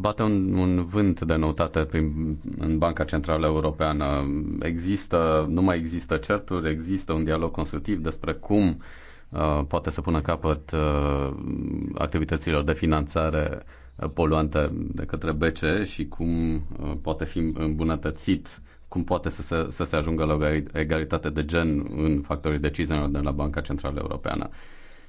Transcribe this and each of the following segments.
Bate un, un vânt de noutate prin, în Banca Centrală Europeană. Există, nu mai există certuri, există un dialog constructiv despre cum uh, poate să pună capăt uh, activităților de finanțare poluante de către BCE și cum uh, poate fi îmbunătățit, cum poate să se, să se ajungă la o egalitate de gen în factorii decizionale de la Banca Centrală Europeană. Uh,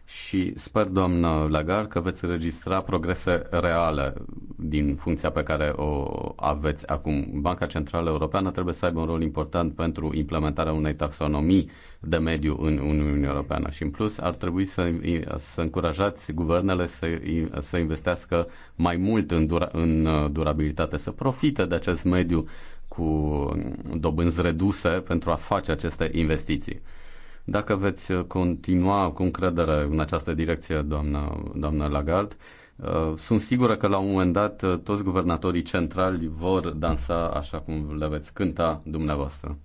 și sper, doamnă Lagar, că veți registra progrese reale din funcția pe care o aveți acum. Banca Centrală Europeană trebuie să aibă un rol important pentru implementarea unei taxonomii de mediu în Uniunea Europeană și, în plus, ar trebui să, să încurajați guvernele să, să investească mai mult în, dura, în durabilitate, să profite de acest mediu cu dobânzi reduse pentru a face aceste investiții. Dacă veți continua cu încredere în această direcție, doamnă, doamnă Lagarde, uh, sunt sigură că la un moment dat uh, toți guvernatorii centrali vor dansa așa cum le veți cânta dumneavoastră.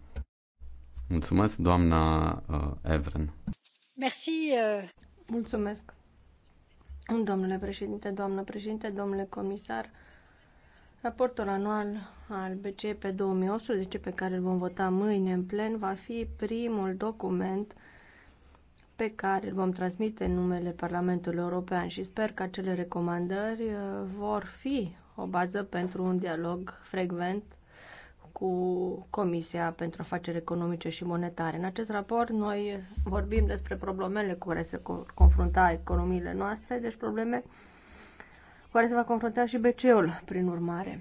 Mulțumesc, doamna uh, Evren. Merci. Mulțumesc. Domnule președinte, doamnă președinte, domnule comisar, raportul anual al BCP 2018, pe care îl vom vota mâine în plen, va fi primul document pe care îl vom transmite în numele Parlamentului European și sper că acele recomandări uh, vor fi o bază pentru un dialog frecvent cu Comisia pentru Afaceri Economice și Monetare. În acest raport noi vorbim despre problemele cu care se confrunta economiile noastre, deci probleme cu care se va confrunta și BCE-ul, prin urmare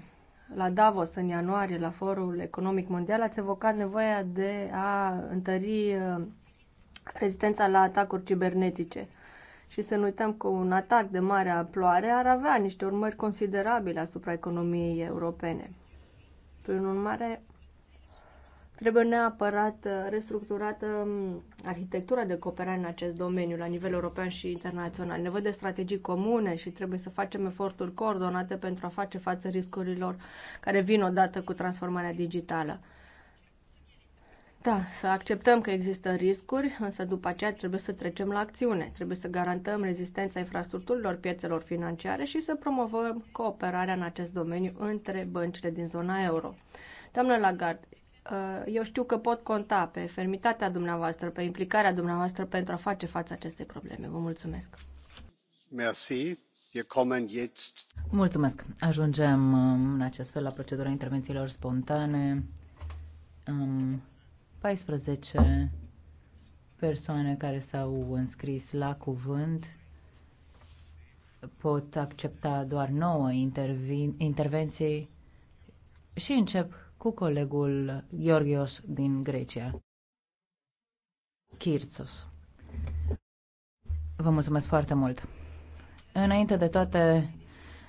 la Davos în ianuarie, la Forul Economic Mondial, ați evocat nevoia de a întări uh, rezistența la atacuri cibernetice. Și să nu uităm că un atac de mare amploare ar avea niște urmări considerabile asupra economiei europene. Prin urmare, Trebuie neapărat uh, restructurată um, arhitectura de cooperare în acest domeniu la nivel european și internațional. Nevoie de strategii comune și trebuie să facem eforturi coordonate pentru a face față riscurilor care vin odată cu transformarea digitală. Da, să acceptăm că există riscuri, însă după aceea trebuie să trecem la acțiune. Trebuie să garantăm rezistența infrastructurilor piețelor financiare și să promovăm cooperarea în acest domeniu între băncile din zona euro. Doamna Lagarde, Eh, eu știu că pot conta pe fermitatea dumneavoastră, pe implicarea dumneavoastră pentru a face față acestei probleme. Vă mulțumesc! Merci. Mulțumesc! Ajungem um, în acest fel la procedura intervențiilor spontane. 14 persoane care s-au înscris la cuvânt. Pot accepta doar 9 intervenții și încep cu colegul Georgios din Grecia. Kirtsos. Vă mulțumesc foarte mult. Înainte de toate,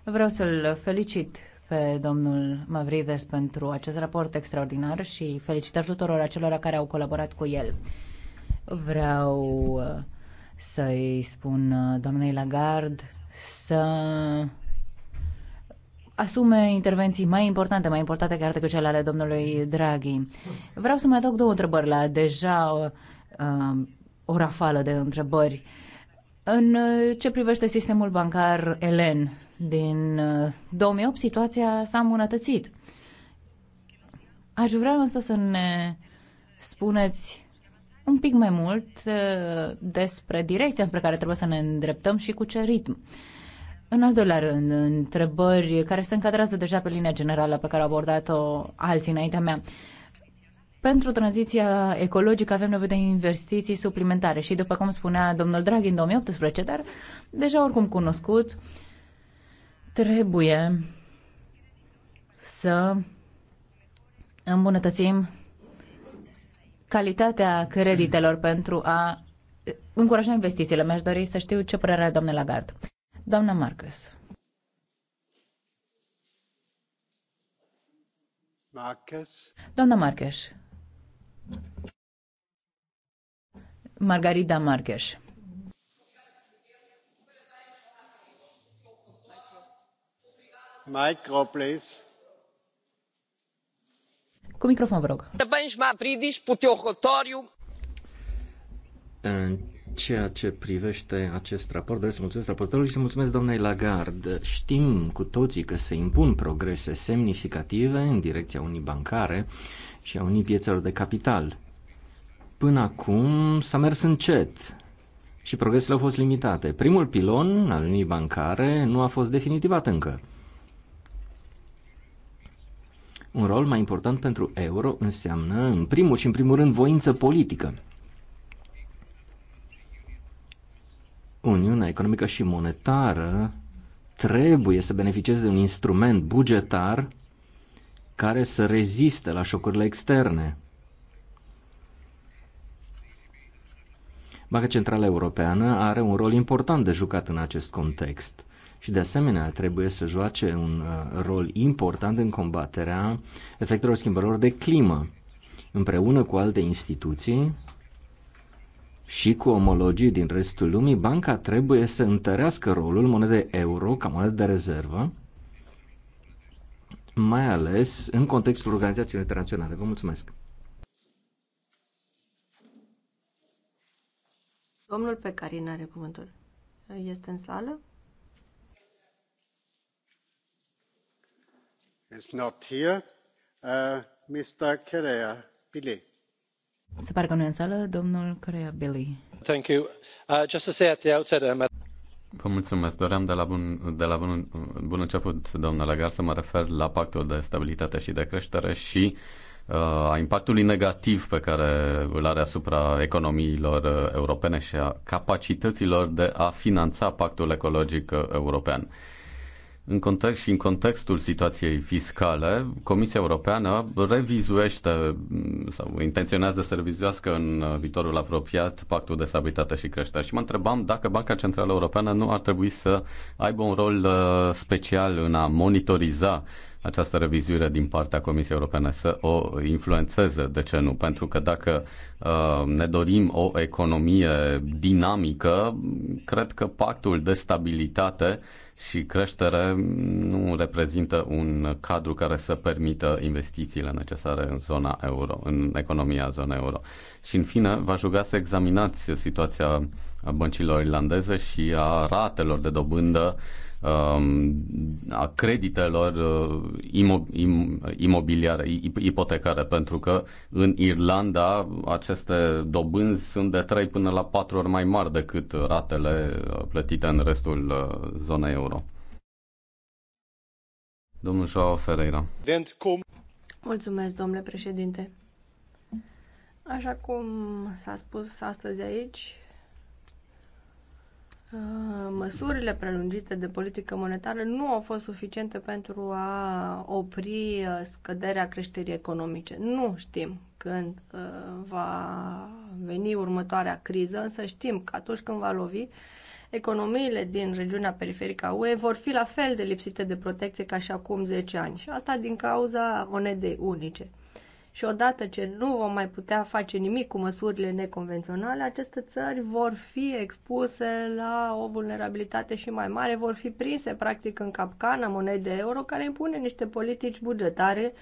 vreau să-l felicit pe domnul Mavrides pentru acest raport extraordinar și felicitări tuturor acelora care au colaborat cu el. Vreau uh, să-i spun uh, doamnei Lagarde să asume intervenții mai importante, mai importante chiar decât cele ale domnului Draghi. Vreau să mai adaug două întrebări la deja uh, o rafală de întrebări. În uh, ce privește sistemul bancar elen, din 2008 uh, situația s-a îmbunătățit. Aș vrea însă să ne spuneți un pic mai mult uh, despre direcția spre care trebuie să ne îndreptăm și cu ce ritm. Uh, în al doilea rând, întrebări care se încadrează deja pe linia generală pe care au abordat-o alții înaintea mea. Pentru tranziția ecologică avem nevoie de investiții suplimentare și, după cum spunea domnul Draghi în 2018, dar deja oricum cunoscut, trebuie să îmbunătățim calitatea creditelor pentru a încuraja investițiile. Mi-aș dori să știu ce părere are domnul Lagarde. Doamna Marcus. Marcus. Doamna Marcus. Margarida Marcus. Micro, please. Cu microfon, vă rog. Parabéns, Mavridis, pelo teu rotório ceea ce privește acest raport, doresc să mulțumesc raportorului și să mulțumesc doamnei Lagarde. Știm cu toții că se impun progrese semnificative în direcția unii bancare și a unii piețelor de capital. Până acum s-a mers încet și progresele au fost limitate. Primul pilon al unii bancare nu a fost definitivat încă. Un rol mai important pentru euro înseamnă, în primul și în primul rând, voință politică Uniunea Economică și Monetară trebuie să beneficieze de un instrument bugetar care să reziste la șocurile externe. Banca Centrală Europeană are un rol important de jucat în acest context și de asemenea trebuie să joace un uh, rol important în combaterea efectelor schimbărilor de climă împreună cu alte instituții și cu omologii din restul lumii, banca trebuie să întărească rolul monedei euro ca monedă de rezervă, mai ales în contextul organizațiilor internaționale. Vă mulțumesc! Domnul pe care are cuvântul este în sală? Is not here. Uh, Mr. Kerea, please. Se pare că nu e în sală domnul Corea Billy. Thank you. Uh, just to say at the outset, I'm um, at... Vă mulțumesc. Doream de la bun, de la bun, bun început, doamnă Lagar, să mă refer la pactul de stabilitate și de creștere și uh, a impactului negativ pe care îl are asupra economiilor uh, europene și a capacităților de a finanța pactul ecologic uh, european. În context și în contextul situației fiscale, Comisia Europeană revizuiește mm, sau intenționează să revizuiască în uh, viitorul apropiat pactul de stabilitate și creștere. Și mă întrebam dacă Banca Centrală Europeană nu ar trebui să aibă un rol uh, special în a monitoriza această revizuire din partea Comisiei Europene să o influențeze, de ce nu? Pentru că dacă uh, ne dorim o economie dinamică, cred că pactul de stabilitate uh, și creștere nu reprezintă un cadru care să permită investițiile necesare în zona euro, în economia zonei euro. Și în fine, v-aș ruga să examinați situația băncilor irlandeze și a ratelor de dobândă Um, a creditelor uh, imobiliare, ipotecare, pentru că în Irlanda aceste dobânzi sunt de 3 până la 4 ori mai mari decât ratele uh, plătite în restul uh, zonei euro. Domnul Joao Ferreira. Mulțumesc, domnule președinte. Așa cum s-a spus astăzi aici, Ah, măsurile prelungite de politică monetară nu au fost suficiente pentru a opri uh, scăderea creșterii economice. Nu știm când uh, va veni următoarea criză, însă știm că atunci când va lovi, economiile din regiunea periferică a UE vor fi la fel de lipsite de protecție ca și acum 10 ani. Și asta din cauza monedei unice. Și odată ce nu vom mai putea face nimic cu măsurile neconvenționale, aceste țări vor fi expuse la o vulnerabilitate și mai mare, vor fi prinse practic în capcana monedei euro care impune niște politici bugetare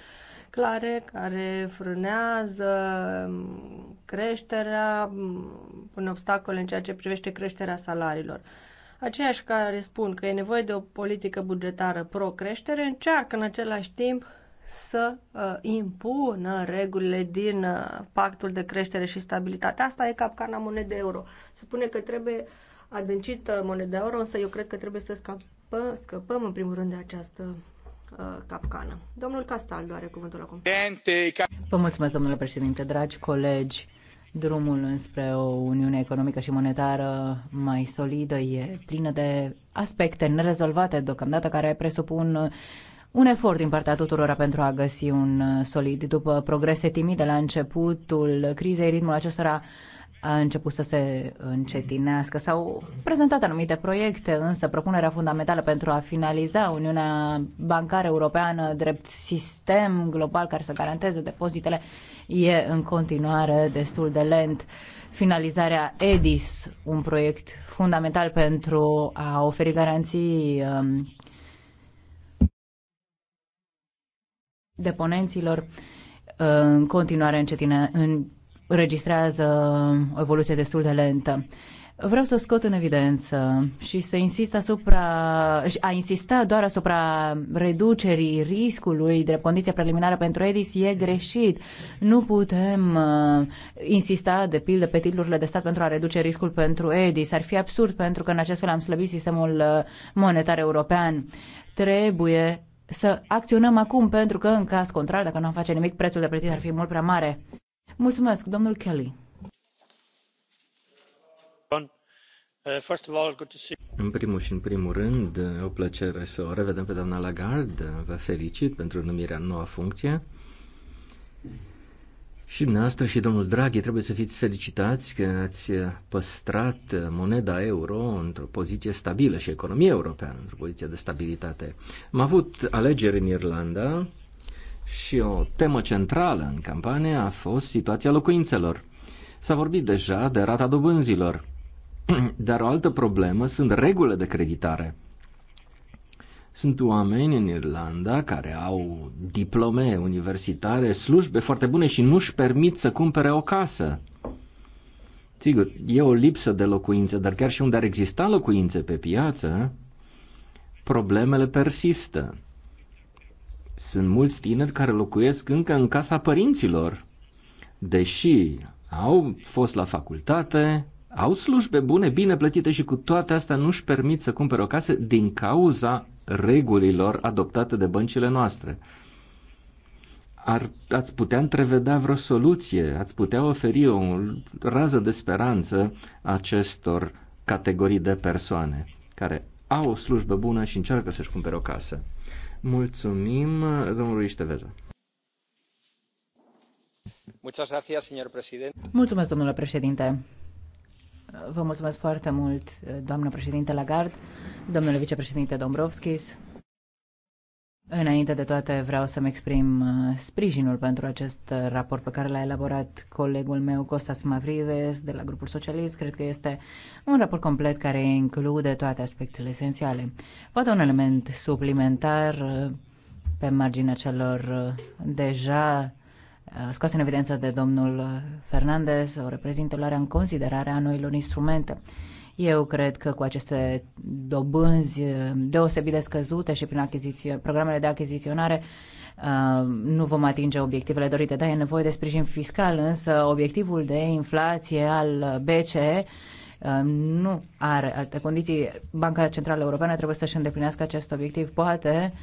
clare care frânează mm, creșterea, mm, pune obstacole în ceea ce privește creșterea salariilor. Aceiași care spun că e nevoie de o politică bugetară pro-creștere încearcă în același timp să uh, impună regulile din uh, pactul de creștere și stabilitate. Asta e capcana monedei euro. Se spune că trebuie adâncită uh, moneda euro, însă eu cred că trebuie să scapă, scăpăm în primul rând de această capcană. Domnul Castaldo are cuvântul acum. Vă mulțumesc, domnule președinte, dragi colegi. Drumul înspre o uniune economică și monetară mai solidă e plină de aspecte nerezolvate deocamdată care presupun un efort din partea tuturora pentru a găsi un uh, solid. După progrese timide la începutul crizei, ritmul acestora a început să se încetinească. S-au prezentat anumite proiecte, însă propunerea fundamentală pentru a finaliza Uniunea Bancară Europeană drept sistem global care să garanteze depozitele e în continuare destul de lent. Finalizarea EDIS, un proiect fundamental pentru a oferi garanții um, deponenților uh, în continuare încetine, înregistrează o evoluție destul de lentă. Vreau să scot în evidență și să insist asupra, a insista doar asupra reducerii riscului drept condiția preliminară pentru EDIS e greșit. Nu putem uh, insista, de pildă, pe titlurile de stat pentru a reduce riscul pentru EDIS. Ar fi absurd pentru că în acest fel am slăbit sistemul uh, monetar european. Trebuie să acționăm acum, pentru că, în caz contrar, dacă nu am face nimic, prețul de plătit ar fi mult prea mare. Mulțumesc, domnul Kelly. În primul și în primul rând, e o plăcere să o revedem pe doamna Lagarde. Vă felicit pentru numirea în noua funcție. Și dumneavoastră și domnul Draghi trebuie să fiți felicitați că ați păstrat moneda euro într-o poziție stabilă și economia europeană într-o poziție de stabilitate. Am avut alegeri în Irlanda și o temă centrală în campanie a fost situația locuințelor. S-a vorbit deja de rata dobânzilor, dar o altă problemă sunt regulile de creditare – sunt oameni în Irlanda care au diplome universitare, slujbe foarte bune și nu-și permit să cumpere o casă. Sigur, e o lipsă de locuințe, dar chiar și unde ar exista locuințe pe piață, problemele persistă. Sunt mulți tineri care locuiesc încă în casa părinților, deși au fost la facultate, au slujbe bune, bine plătite și cu toate astea nu-și permit să cumpere o casă din cauza regulilor adoptate de băncile noastre. Ar, ați putea întrevedea vreo soluție, ați putea oferi o rază de speranță acestor categorii de persoane care au o slujbă bună și încearcă să-și cumpere o casă. Mulțumim, domnului Ișteveza. Mulțumesc, domnule președinte. Vă mulțumesc foarte mult, doamnă președinte Lagarde, domnule vicepreședinte Dombrovskis. Înainte de toate, vreau să-mi exprim uh, sprijinul pentru acest uh, raport pe care l-a elaborat colegul meu, Costas Mavrides, de la Grupul Socialist. Cred că este un raport complet care include toate aspectele esențiale. Poate un element suplimentar uh, pe marginea celor deja Uh, scoase în evidență de domnul uh, Fernandez o reprezintă luarea în considerare a noilor instrumente. Eu cred că cu aceste dobânzi uh, deosebit de scăzute și prin achiziție, programele de achiziționare nu vom atinge obiectivele dorite. Da, e nevoie de sprijin fiscal, însă obiectivul de inflație al BCE nu are alte condiții. Banca Centrală Europeană trebuie să-și îndeplinească acest obiectiv. Poate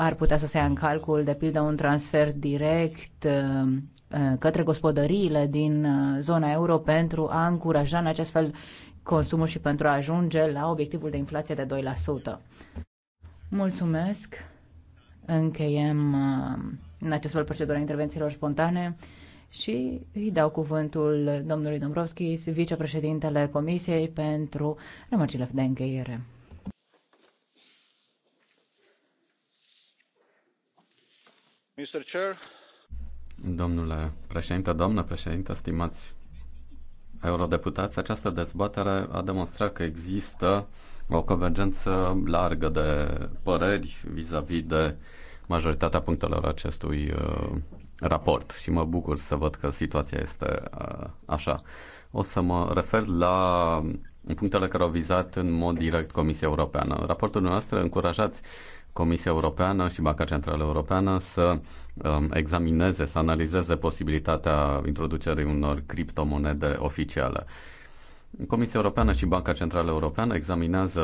ar putea să se ia în calcul, de pildă, un transfer direct uh, uh, către gospodăriile din uh, zona euro pentru a încuraja în acest fel consumul și pentru a ajunge la obiectivul de inflație de 2%. Mulțumesc! Încheiem în acest fel procedura intervențiilor spontane și îi dau cuvântul domnului Dombrovski, vicepreședintele Comisiei, pentru remarcile de încheiere. Domnule președinte, doamnă președinte, stimați eurodeputați, această dezbatere a demonstrat că există o convergență largă de păreri vis-a-vis de majoritatea punctelor acestui uh, raport și mă bucur să văd că situația este uh, așa. O să mă refer la punctele care au vizat în mod direct Comisia Europeană. Raportul noastră încurajați Comisia Europeană și Banca Centrală Europeană să um, examineze, să analizeze posibilitatea introducerii unor criptomonede oficiale. Comisia Europeană și Banca Centrală Europeană examinează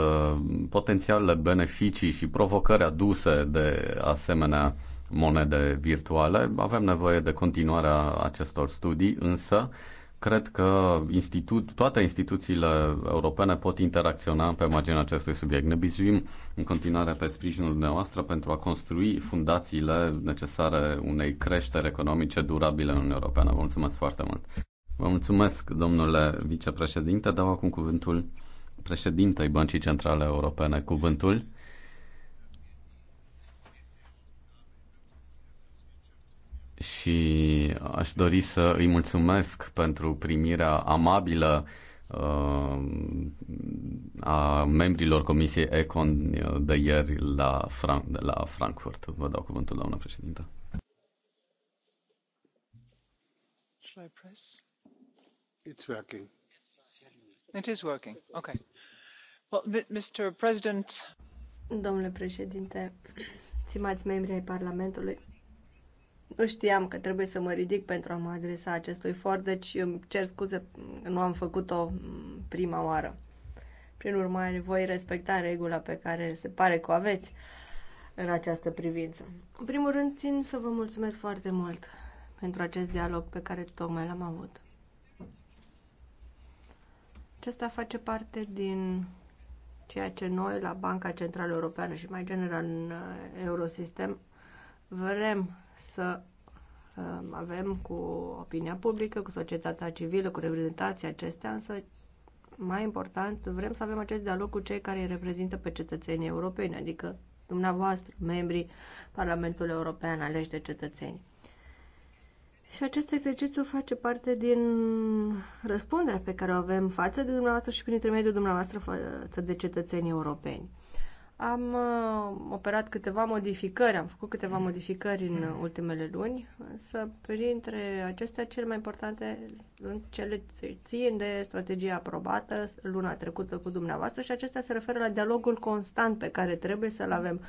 potențialele beneficii și provocări aduse de asemenea monede virtuale. Avem nevoie de continuarea acestor studii, însă cred că institu- toate instituțiile europene pot interacționa pe marginea acestui subiect. Ne bizuim în continuare pe sprijinul dumneavoastră pentru a construi fundațiile necesare unei creșteri economice durabile în Uniunea Europeană. Vă mulțumesc foarte mult! Vă mulțumesc, domnule vicepreședinte. Dau acum cuvântul președintei Băncii Centrale Europene, cuvântul și aș dori să îi mulțumesc pentru primirea amabilă uh, a membrilor Comisiei Econ de ieri la, Fran- de la Frankfurt. Vă dau cuvântul, doamna președintă. I press? It's working. It is working. Okay. Well, Mr. President. Domnule președinte, stimați membri ai Parlamentului, nu știam că trebuie să mă ridic pentru a mă adresa acestui for, deci îmi cer scuze, nu am făcut-o prima oară. Prin urmare, voi respecta regula pe care se pare că o aveți în această privință. În primul rând, țin să vă mulțumesc foarte mult pentru acest dialog pe care tocmai l-am avut. Acesta face parte din ceea ce noi la Banca Centrală Europeană și mai general în uh, Eurosistem vrem să um, avem cu opinia publică, cu societatea civilă, cu reprezentații acestea, însă mai important, vrem să avem acest dialog cu cei care îi reprezintă pe cetățenii europeni, adică dumneavoastră, membrii Parlamentului European aleși de cetățeni. Și acest exercițiu face parte din răspunderea pe care o avem față de dumneavoastră și prin intermediul dumneavoastră față de cetățenii europeni. Am uh, operat câteva modificări, am făcut câteva modificări în ultimele luni, însă printre acestea cele mai importante sunt cele ce țin de strategia aprobată luna trecută cu dumneavoastră și acestea se referă la dialogul constant pe care trebuie să-l avem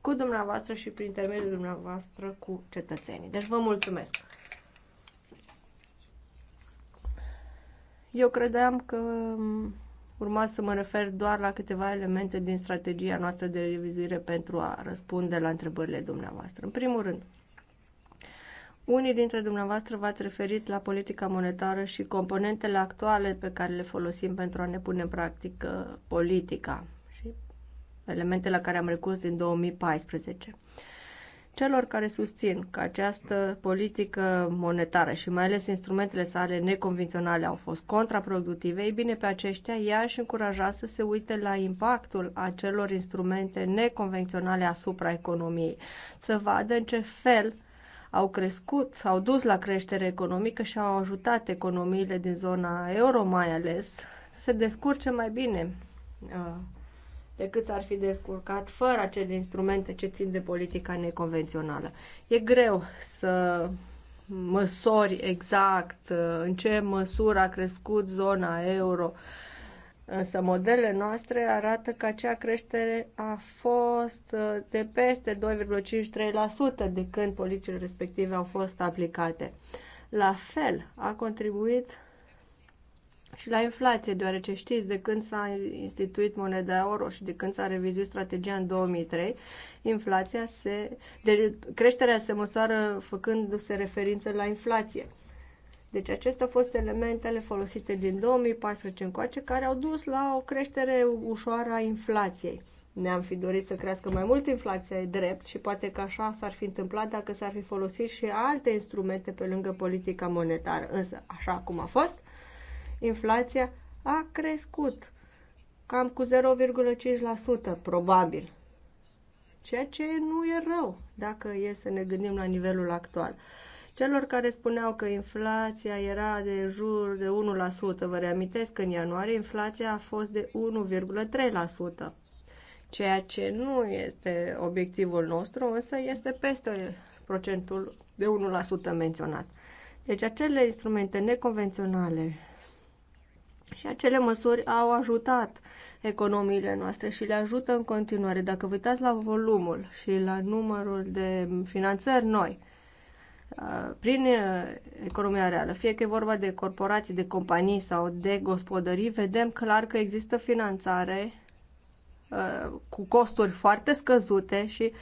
cu dumneavoastră și prin intermediul dumneavoastră cu cetățenii. Deci vă mulțumesc! Eu credeam că urma să mă refer doar la câteva elemente din strategia noastră de revizuire pentru a răspunde la întrebările dumneavoastră. În primul rând, unii dintre dumneavoastră v-ați referit la politica monetară și componentele actuale pe care le folosim pentru a ne pune în practică politica și elementele la care am recurs din 2014 celor care susțin că această politică monetară și mai ales instrumentele sale neconvenționale au fost contraproductive, ei bine, pe aceștia ea și încuraja să se uite la impactul acelor instrumente neconvenționale asupra economiei, să vadă în ce fel au crescut, au dus la creștere economică și au ajutat economiile din zona euro mai ales să se descurce mai bine uh, decât s-ar fi descurcat fără acele instrumente ce țin de politica neconvențională. E greu să măsori exact uh, în ce măsură a crescut zona euro, însă modelele noastre arată că acea creștere a fost uh, de peste 2,53% de când politicile respective au fost aplicate. La fel, a contribuit și la inflație, deoarece știți, de când s-a instituit moneda euro și de când s-a revizuit strategia în 2003, inflația se... Deci creșterea se măsoară făcându-se referință la inflație. Deci acestea au fost elementele folosite din 2014 încoace care au dus la o creștere ușoară a inflației. Ne-am fi dorit să crească mai mult inflația, e drept, și poate că așa s-ar fi întâmplat dacă s-ar fi folosit și alte instrumente pe lângă politica monetară. Însă, așa cum a fost, inflația a crescut cam cu 0,5%, probabil. Ceea ce nu e rău dacă e să ne gândim la nivelul actual. Celor care spuneau că inflația era de jur de 1%, vă reamintesc că în ianuarie inflația a fost de 1,3%, ceea ce nu este obiectivul nostru, însă este peste procentul de 1% menționat. Deci acele instrumente neconvenționale și acele măsuri au ajutat economiile noastre și le ajută în continuare. Dacă vă uitați la volumul și la numărul de finanțări noi, uh, prin uh, economia reală, fie că e vorba de corporații, de companii sau de gospodării, vedem clar că există finanțare Uh, cu costuri foarte scăzute și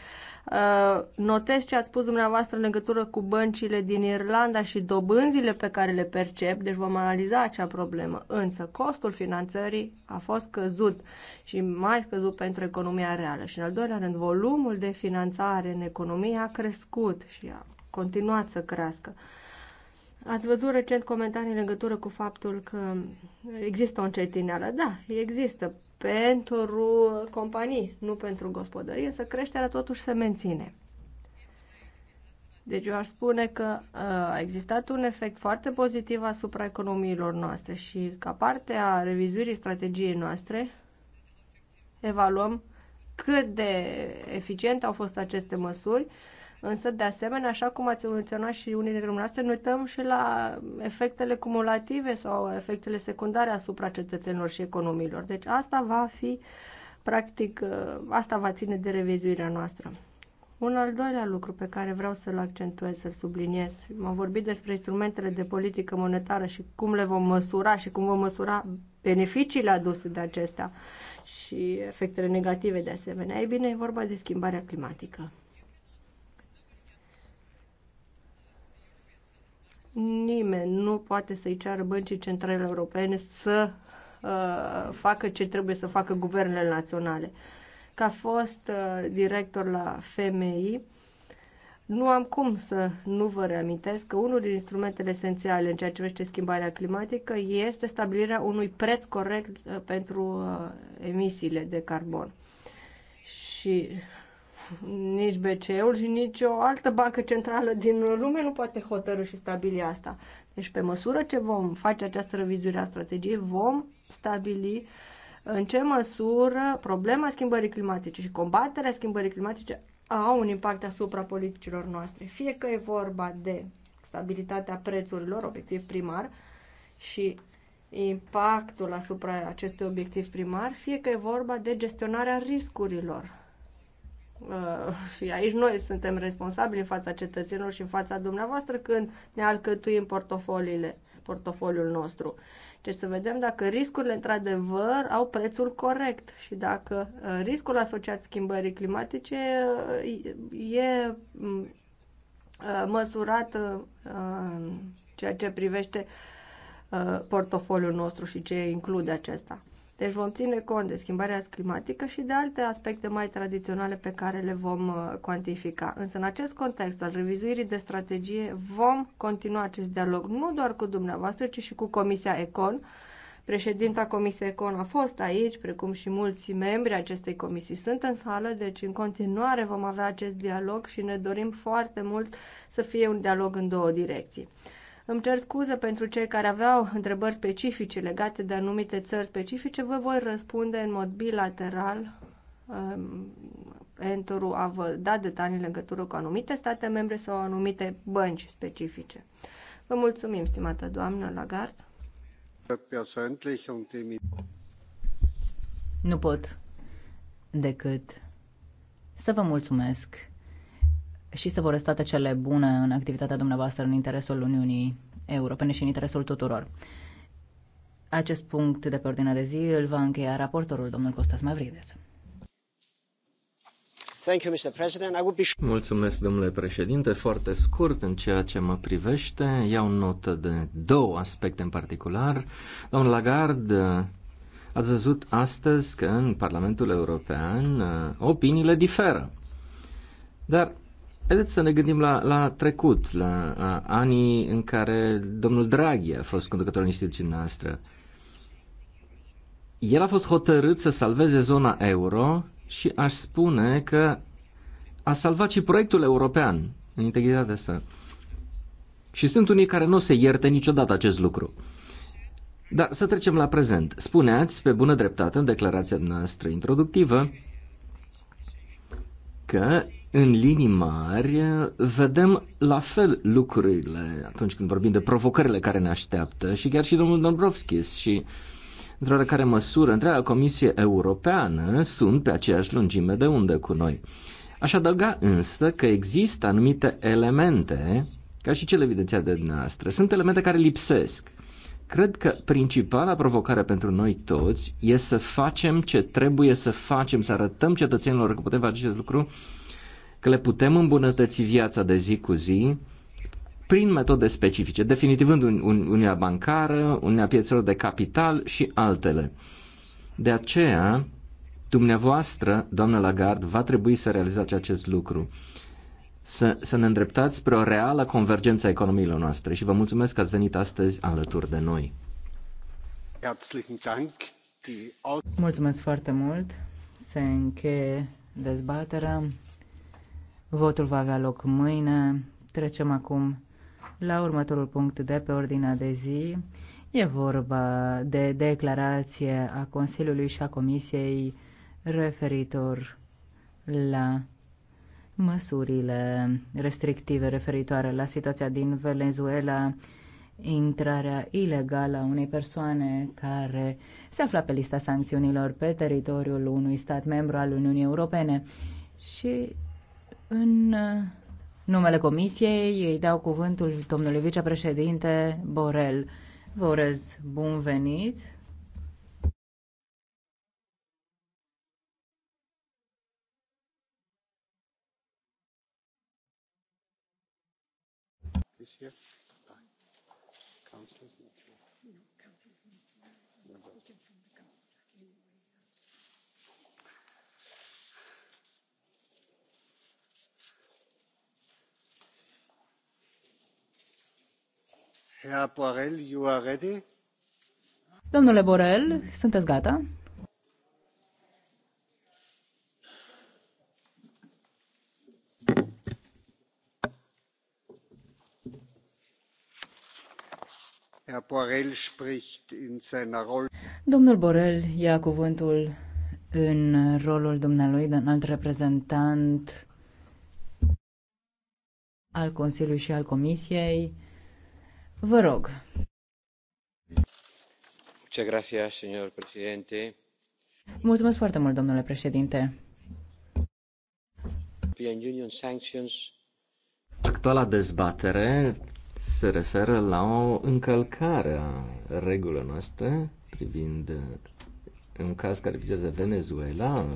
uh, notez ce ați spus dumneavoastră în legătură cu băncile din Irlanda și dobânzile pe care le percep, deci vom analiza acea problemă. Însă costul finanțării a fost căzut și mai scăzut pentru economia reală. Și în al doilea rând, volumul de finanțare în economie a crescut și a continuat să crească. Ați văzut recent comentarii în legătură cu faptul că există o încetineală. Da, există pentru companii, nu pentru gospodărie, să creșterea totuși se menține. Deci eu aș spune că uh, a existat un efect foarte pozitiv asupra economiilor noastre și ca parte a revizuirii strategiei noastre evaluăm cât de eficiente au fost aceste măsuri Însă, de asemenea, așa cum ați menționat și unii dintre dumneavoastră, ne uităm și la efectele cumulative sau efectele secundare asupra cetățenilor și economiilor. Deci asta va fi, practic, ă, asta va ține de revizuirea noastră. Un al doilea lucru pe care vreau să-l accentuez, să-l subliniez, m-am vorbit despre instrumentele de politică monetară și cum le vom măsura și cum vom măsura beneficiile aduse de acestea și efectele negative de asemenea. Ei bine, e vorba de schimbarea climatică. Nimeni nu poate să-i ceară băncii centrale europene să uh, facă ce trebuie să facă guvernele naționale. Ca fost uh, director la FMI, nu am cum să nu vă reamintesc că unul din instrumentele esențiale în ceea ce privește schimbarea climatică este stabilirea unui preț corect uh, pentru uh, emisiile de carbon. Și nici BCE-ul și nici o altă bancă centrală din lume nu poate hotărâ și stabili asta. Deci, pe măsură ce vom face această revizuire a strategiei, vom stabili în ce măsură problema schimbării climatice și combaterea schimbării climatice au un impact asupra politicilor noastre. Fie că e vorba de stabilitatea prețurilor, obiectiv primar, și impactul asupra acestui obiectiv primar, fie că e vorba de gestionarea riscurilor, Uh, și aici noi suntem responsabili în fața cetățenilor și în fața dumneavoastră când ne alcătuim portofoliile, portofoliul nostru. Deci să vedem dacă riscurile într-adevăr au prețul corect și dacă uh, riscul asociat schimbării climatice uh, e mm, uh, măsurat uh, în ceea ce privește uh, portofoliul nostru și ce include acesta. Deci vom ține cont de schimbarea climatică și de alte aspecte mai tradiționale pe care le vom uh, cuantifica. Însă în acest context al revizuirii de strategie vom continua acest dialog nu doar cu dumneavoastră, ci și cu Comisia Econ. Președinta Comisiei Econ a fost aici, precum și mulți membri acestei comisii sunt în sală, deci în continuare vom avea acest dialog și ne dorim foarte mult să fie un dialog în două direcții. Îmi cer scuze pentru cei care aveau întrebări specifice legate de anumite țări specifice. Vă voi răspunde în mod bilateral um, pentru a vă da detalii în legătură cu anumite state membre sau anumite bănci specifice. Vă mulțumim, stimată doamnă Lagarde. Nu pot decât să vă mulțumesc și să vă urez toate cele bune în activitatea dumneavoastră în interesul Uniunii Europene și în interesul tuturor. Acest punct de pe ordinea de zi îl va încheia raportorul, domnul Costas Mavrides. Mulțumesc, domnule președinte. Foarte scurt în ceea ce mă privește, iau notă de două aspecte în particular. Domnul Lagarde, ați văzut astăzi că în Parlamentul European uh, opiniile diferă. Dar Haideți să ne gândim la, la trecut, la, la anii în care domnul Draghi a fost conducătorul instituției noastre. El a fost hotărât să salveze zona euro și aș spune că a salvat și proiectul european în integritatea sa. Și sunt unii care nu se ierte niciodată acest lucru. Dar să trecem la prezent. Spuneați, pe bună dreptate, în declarația noastră introductivă, că în linii mari, vedem la fel lucrurile atunci când vorbim de provocările care ne așteaptă și chiar și domnul Dombrovskis și într-o care măsură întreaga Comisie Europeană sunt pe aceeași lungime de unde cu noi. Aș adăuga însă că există anumite elemente, ca și cele evidențiate de noastră, sunt elemente care lipsesc. Cred că principala provocare pentru noi toți e să facem ce trebuie să facem, să arătăm cetățenilor că putem face acest lucru că le putem îmbunătăți viața de zi cu zi prin metode specifice, definitivând Uniunea Bancară, Uniunea Piețelor de Capital și altele. De aceea, dumneavoastră, doamnă Lagarde, va trebui să realizați acest lucru. Să, să ne îndreptați spre o reală convergență a economiilor noastre și vă mulțumesc că ați venit astăzi alături de noi. Mulțumesc foarte mult. Se încheie dezbaterea. Votul va avea loc mâine. Trecem acum la următorul punct de pe ordinea de zi. E vorba de declarație a Consiliului și a Comisiei referitor la măsurile restrictive referitoare la situația din Venezuela, intrarea ilegală a unei persoane care se afla pe lista sancțiunilor pe teritoriul unui stat membru al Uniunii Europene și în uh, numele Comisiei îi dau cuvântul domnului vicepreședinte Borel. Vă urez bun venit! this year Domnule Borel, sunteți gata? Borel in Domnul Borel ia cuvântul în rolul dumnealui de înalt reprezentant al Consiliului și al Comisiei Vă rog. Mulțumesc foarte mult, domnule președinte. Actuala dezbatere se referă la o încălcare a regulilor noastre privind un caz care vizează Venezuela.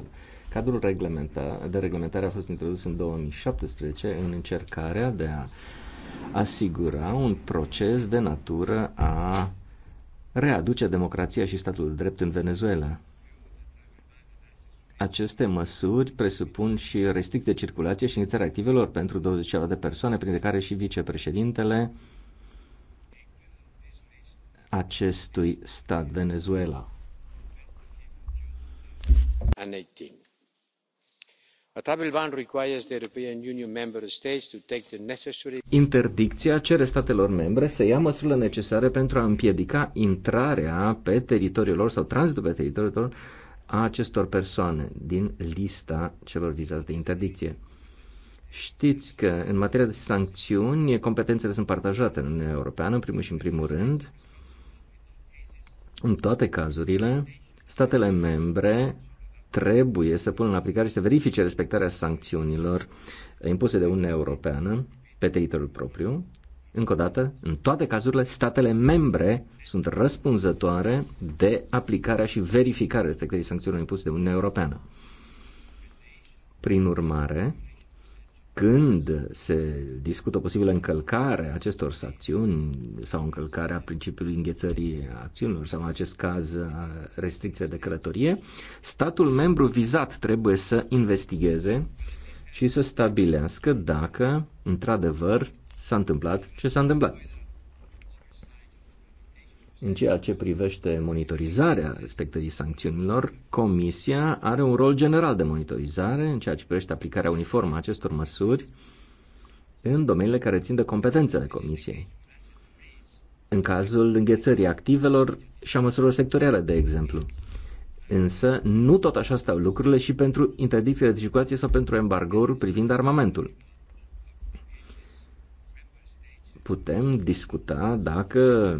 Cadrul reglementar de reglementare a fost introdus în 2017 în încercarea de a asigura un proces de natură a readuce democrația și statul de drept în Venezuela. Aceste măsuri presupun și restricții de circulație și înghițarea activelor pentru 20 de persoane, printre care și vicepreședintele acestui stat Venezuela. Anecting. Interdicția cere statelor membre să ia măsurile necesare pentru a împiedica intrarea pe teritoriul lor sau tranzitul pe teritoriul lor a acestor persoane din lista celor vizați de interdicție. Știți că în materie de sancțiuni competențele sunt partajate în Uniunea Europeană, în primul și în primul rând. În toate cazurile, statele membre trebuie să pună în aplicare și să verifice respectarea sancțiunilor impuse de Uniunea Europeană pe teritoriul propriu. Încă o dată, în toate cazurile, statele membre sunt răspunzătoare de aplicarea și verificarea respectării sancțiunilor impuse de Uniunea Europeană. Prin urmare, când se discută o posibilă încălcare acestor sancțiuni sau încălcarea principiului înghețării acțiunilor sau în acest caz restricția de călătorie, statul membru vizat trebuie să investigheze și să stabilească dacă într-adevăr s-a întâmplat ce s-a întâmplat. În ceea ce privește monitorizarea respectării sancțiunilor, Comisia are un rol general de monitorizare în ceea ce privește aplicarea uniformă a acestor măsuri în domeniile care țin de competențele Comisiei. În cazul înghețării activelor și a măsurilor sectoriale, de exemplu. Însă, nu tot așa stau lucrurile și pentru interdicțiile de circulație sau pentru embargouri privind armamentul putem discuta dacă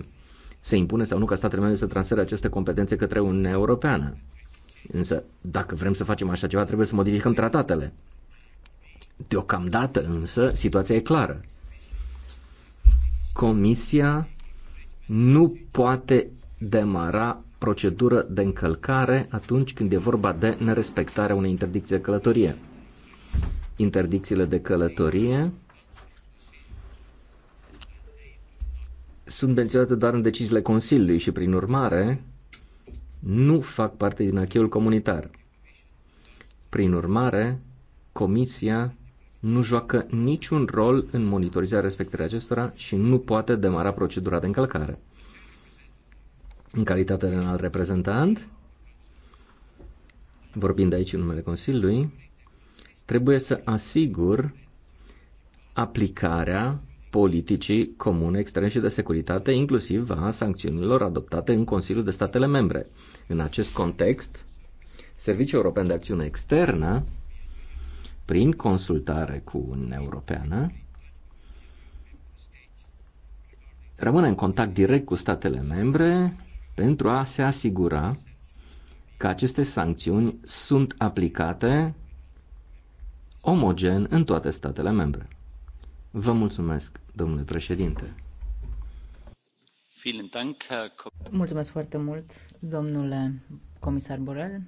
se impune sau nu ca statele membre să transfere aceste competențe către Uniunea Europeană. Însă, dacă vrem să facem așa ceva, trebuie să modificăm tratatele. Deocamdată, însă, situația e clară. Comisia nu poate demara procedură de încălcare atunci când e vorba de nerespectarea unei interdicții de călătorie. Interdicțiile de călătorie sunt menționate doar în deciziile Consiliului și, prin urmare, nu fac parte din acheul comunitar. Prin urmare, Comisia nu joacă niciun rol în monitorizarea respectării acestora și nu poate demara procedura de încălcare. În calitate de înalt reprezentant, vorbind aici în numele Consiliului, trebuie să asigur aplicarea politicii comune externe și de securitate, inclusiv a sancțiunilor adoptate în Consiliul de Statele Membre. În acest context, Serviciul European de Acțiune Externă, prin consultare cu Uniunea Europeană, rămâne în contact direct cu statele membre pentru a se asigura că aceste sancțiuni sunt aplicate omogen în toate statele membre. Vă mulțumesc, domnule președinte. Mulțumesc foarte mult, domnule comisar Borel.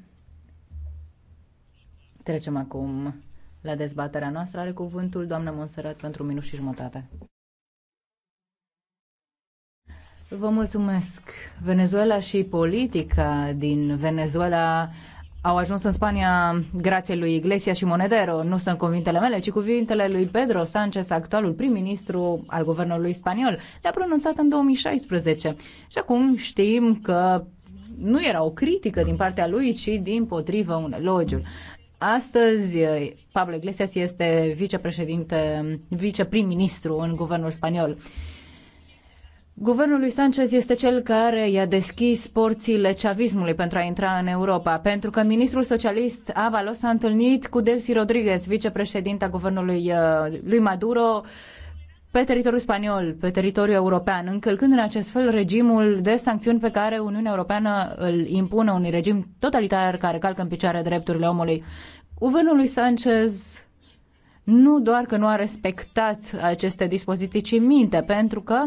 Trecem acum la dezbaterea noastră. Are cuvântul doamna Monserrat pentru un minut și jumătate. Vă mulțumesc. Venezuela și politica din Venezuela au ajuns în Spania grație lui Iglesias și Monedero. Nu sunt cuvintele mele, ci cuvintele lui Pedro Sánchez, actualul prim-ministru al guvernului spaniol. Le-a pronunțat în 2016. Și acum știm că nu era o critică din partea lui, ci din potrivă un elogiu. Astăzi, Pablo Iglesias este vicepreședinte, viceprim-ministru în guvernul spaniol. Guvernul lui Sanchez este cel care i-a deschis porțile ceavismului pentru a intra în Europa, pentru că ministrul socialist Avalos s-a întâlnit cu Delcy Rodriguez, vicepreședinta guvernului uh, lui Maduro, pe teritoriul spaniol, pe teritoriul european, încălcând în acest fel regimul de sancțiuni pe care Uniunea Europeană îl impune unui regim totalitar care calcă în picioare drepturile omului. Guvernul lui Sanchez nu doar că nu a respectat aceste dispoziții, ci minte, pentru că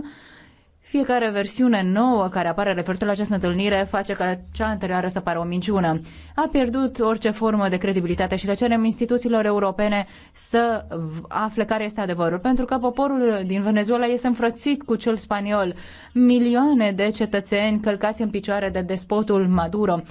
fiecare versiune nouă care apare referitor la această întâlnire face ca cea anterioară să pară o minciună. A pierdut orice formă de credibilitate și le cerem instituțiilor europene să afle care este adevărul, pentru că poporul din Venezuela este înfrățit cu cel spaniol. Milioane de cetățeni călcați în picioare de despotul Maduro.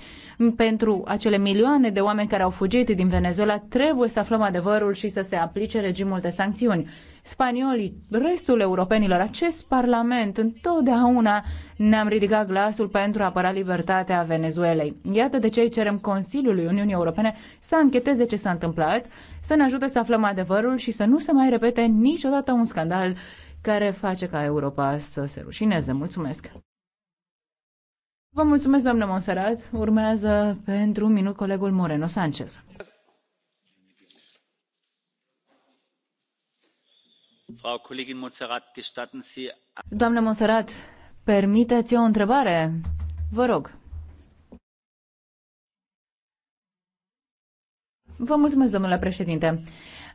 Pentru acele milioane de oameni care au fugit din Venezuela, trebuie să aflăm adevărul și să se aplice regimul de sancțiuni spaniolii, restul europenilor, acest parlament, întotdeauna ne-am ridicat glasul pentru a apăra libertatea Venezuelei. Iată de ce îi cerem Consiliului Uniunii Europene să încheteze ce s-a întâmplat, să ne ajute să aflăm adevărul și să nu se mai repete niciodată un scandal care face ca Europa să se rușineze. Mulțumesc! Vă mulțumesc, doamnă Monserrat. Urmează pentru un minut colegul Moreno Sanchez. Doamnă Monserrat, permiteți o întrebare? Vă rog. Vă mulțumesc, domnule președinte.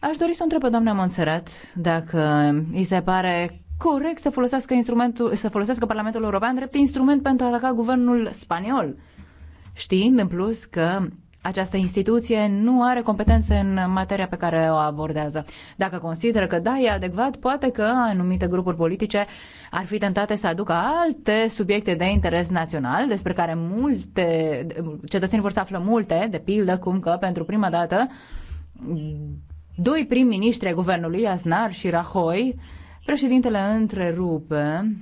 Aș dori să o întreb pe doamna Monserrat dacă îi se pare corect să folosească, instrumentul, să folosească Parlamentul European drept instrument pentru a ataca guvernul spaniol, știind în plus că această instituție nu are competențe în materia pe care o abordează. Dacă consideră că da, e adecvat, poate că anumite grupuri politice ar fi tentate să aducă alte subiecte de interes național, despre care multe cetățeni vor să află multe, de pildă cum că pentru prima dată doi prim-ministri ai guvernului, Aznar și Rahoi, președintele întrerupe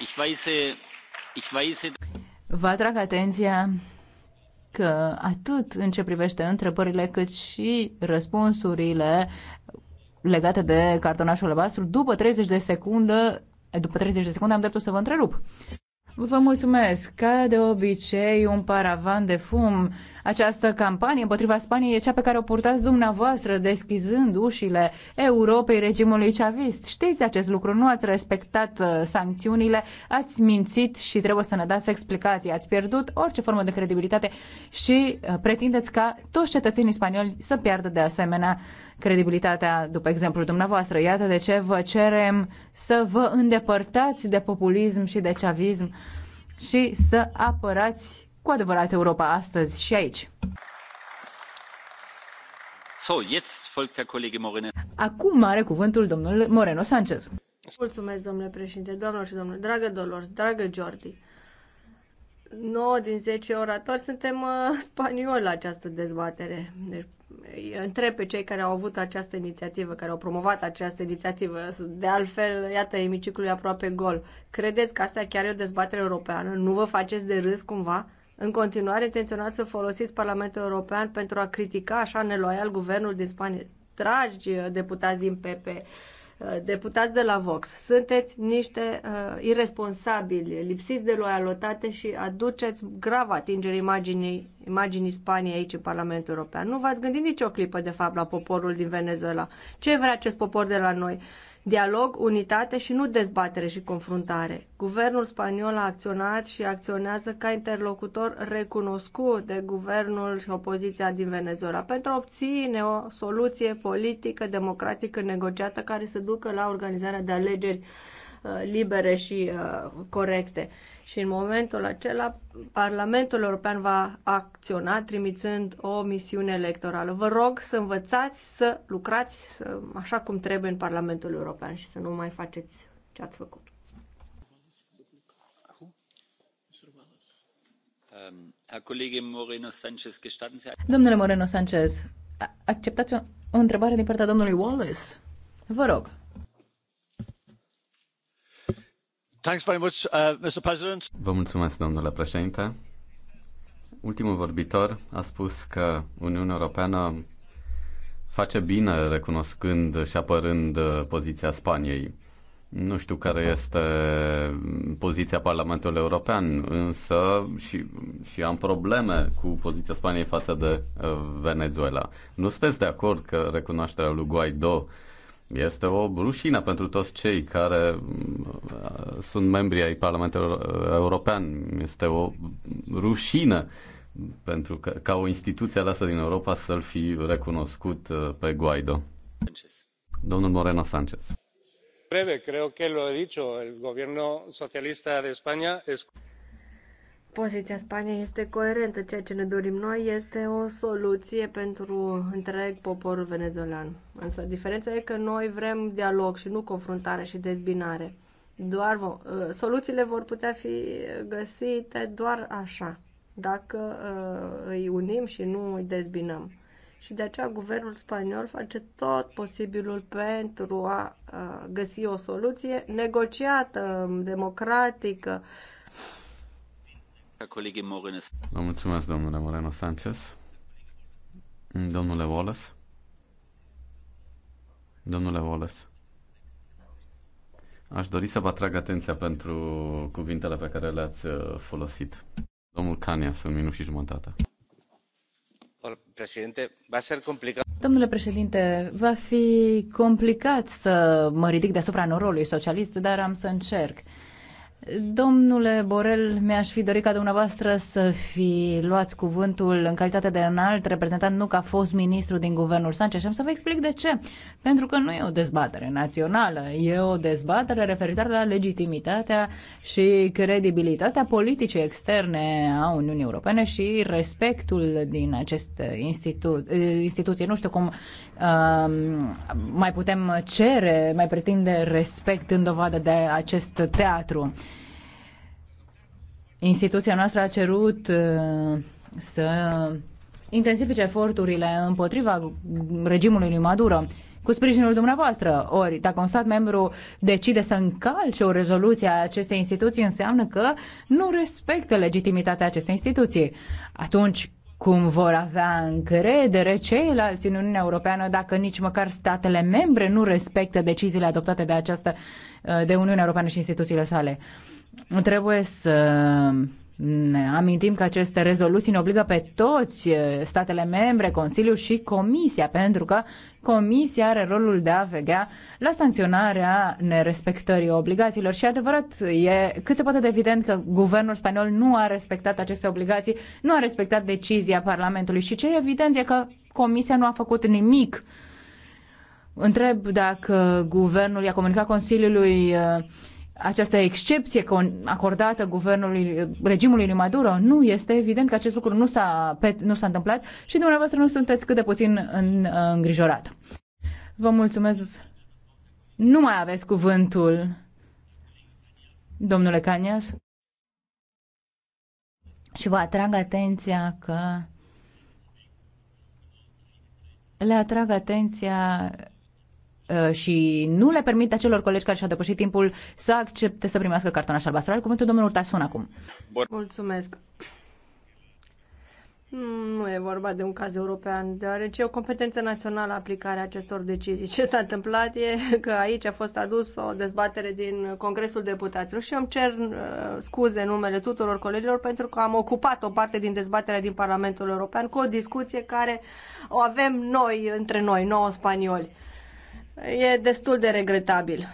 Ich weise Vă atrag atenția că atât în ce privește întrebările, cât și răspunsurile legate de cartonașul albastru, după 30 de secunde, după 30 de secunde am dreptul să vă întrerup. Vă mulțumesc! Ca de obicei, un paravan de fum această campanie împotriva Spaniei e cea pe care o purtați dumneavoastră, deschizând ușile Europei regimului chavist. Știți acest lucru, nu ați respectat uh, sancțiunile, ați mințit și trebuie să ne dați explicații. Ați pierdut orice formă de credibilitate și uh, pretindeți ca toți cetățenii spanioli să piardă de asemenea credibilitatea, după exemplu dumneavoastră. Iată de ce vă cerem să vă îndepărtați de populism și de ceavism și să apărați cu adevărat Europa astăzi și aici. So, jetzt folgt der Kollege Moreno. Acum are cuvântul domnul Moreno Sanchez. Mulțumesc, domnule președinte, doamnelor și domnule, dragă Dolores, dragă Jordi. 9 din 10 oratori suntem uh, spanioli la această dezbatere. Deci întreb pe cei care au avut această inițiativă, care au promovat această inițiativă. De altfel, iată, emiciclul e aproape gol. Credeți că asta chiar e o dezbatere europeană? Nu vă faceți de râs cumva? În continuare, intenționați să folosiți Parlamentul European pentru a critica așa neloial guvernul din Spania. Dragi uh, deputați din PP, uh, deputați de la Vox, sunteți niște uh, irresponsabili, lipsiți de loialitate și aduceți grav atingere imaginii, imaginii Spaniei aici în Parlamentul European. Nu v-ați gândit nicio clipă, de fapt, la poporul din Venezuela. Ce vrea acest popor de la noi? dialog, unitate și nu dezbatere și confruntare. Guvernul spaniol a acționat și acționează ca interlocutor recunoscut de guvernul și opoziția din Venezuela pentru a obține o soluție politică, democratică, negociată care să ducă la organizarea de alegeri uh, libere și uh, corecte. Și în momentul acela, Parlamentul European va acționa trimițând o misiune electorală. Vă rog să învățați să lucrați să, așa cum trebuie în Parlamentul European și să nu mai faceți ce ați făcut. Domnule Moreno Sanchez, acceptați o întrebare din partea domnului Wallace? Vă rog. Uh, Vă mulțumesc, domnule președinte. Ultimul vorbitor a spus că Uniunea Europeană face bine recunoscând și apărând uh, poziția Spaniei. Nu știu care este poziția Parlamentului European, însă și, și am probleme cu poziția Spaniei față de uh, Venezuela. Nu sunteți de acord că recunoașterea lui Guaido este o rușine pentru toți cei care mm, uh, sunt membri ai Parlamentului uh, European. Este o rușine pentru că, ca o instituție alasă din Europa să-l fi recunoscut uh, pe Guaido. Sanchez. Domnul Moreno Sanchez. Breve, cred că l-a dicho. El gobierno socialista de España es... Poziția Spaniei este coerentă. Ceea ce ne dorim noi este o soluție pentru întreg poporul venezuelan. Însă diferența e că noi vrem dialog și nu confruntare și dezbinare. Doar vo- ă, soluțiile vor putea fi găsite doar așa, dacă uh, îi unim și nu îi dezbinăm. Și de aceea guvernul spaniol face tot posibilul pentru a uh, găsi o soluție negociată, democratică, uh, Vă mulțumesc, domnule Moreno Sanchez. Domnule Wallace. Domnule Wallace. Aș dori să vă atrag atenția pentru cuvintele pe care le-ați uh, folosit. Domnul Cania, sunt minut și jumătate. Președinte, va ser complicat. Domnule președinte, va fi complicat să mă ridic deasupra norului socialist, dar am să încerc. Uh, Domnule Borel, mi-aș fi dorit ca dumneavoastră să fi luat cuvântul în calitate de înalt reprezentant, nu ca fost ministru din guvernul Sanchez. Și am să vă explic de ce. Pentru că nu e o dezbatere națională, e o dezbatere referitoare la legitimitatea și credibilitatea politicii externe a Uniunii Europene și respectul din acest institu- instituție. Nu știu cum um, mai putem cere, mai pretinde respect în dovadă de acest teatru. Instituția noastră a cerut uh, să intensifice eforturile împotriva regimului lui Maduro cu sprijinul dumneavoastră. Ori, dacă un stat membru decide să încalce o rezoluție a acestei instituții, înseamnă că nu respectă legitimitatea acestei instituții. Atunci, cum vor avea încredere ceilalți în Uniunea Europeană dacă nici măcar statele membre nu respectă deciziile adoptate de această uh, de Uniunea Europeană și instituțiile sale. Trebuie să ne amintim că aceste rezoluții ne obligă pe toți eh, statele membre, Consiliul și Comisia, pentru că Comisia are rolul de a vegea la sancționarea nerespectării obligațiilor. Și adevărat, e cât se poate de evident că guvernul spaniol nu a respectat aceste obligații, nu a respectat decizia Parlamentului și ce e evident e că Comisia nu a făcut nimic. Întreb dacă guvernul i-a comunicat Consiliului uh, această excepție acordată guvernului, regimului lui Maduro, nu este evident că acest lucru nu s-a, nu s-a întâmplat și dumneavoastră nu sunteți cât de puțin în, uh, îngrijorată. Vă mulțumesc. Nu mai aveți cuvântul, domnule Canias. Și vă atrag atenția că le atrag atenția Uh, și nu le permite acelor colegi care și-au depășit timpul să accepte să primească cartonaș albastru. Are cuvântul domnul Urtasun acum. Mulțumesc. Nu e vorba de un caz european, deoarece e o competență națională aplicarea acestor decizii. Ce s-a întâmplat e că aici a fost adus o dezbatere din Congresul Deputaților și îmi cer uh, scuze în numele tuturor colegilor pentru că am ocupat o parte din dezbaterea din Parlamentul European cu o discuție care o avem noi între noi, nouă spanioli e destul de regretabil.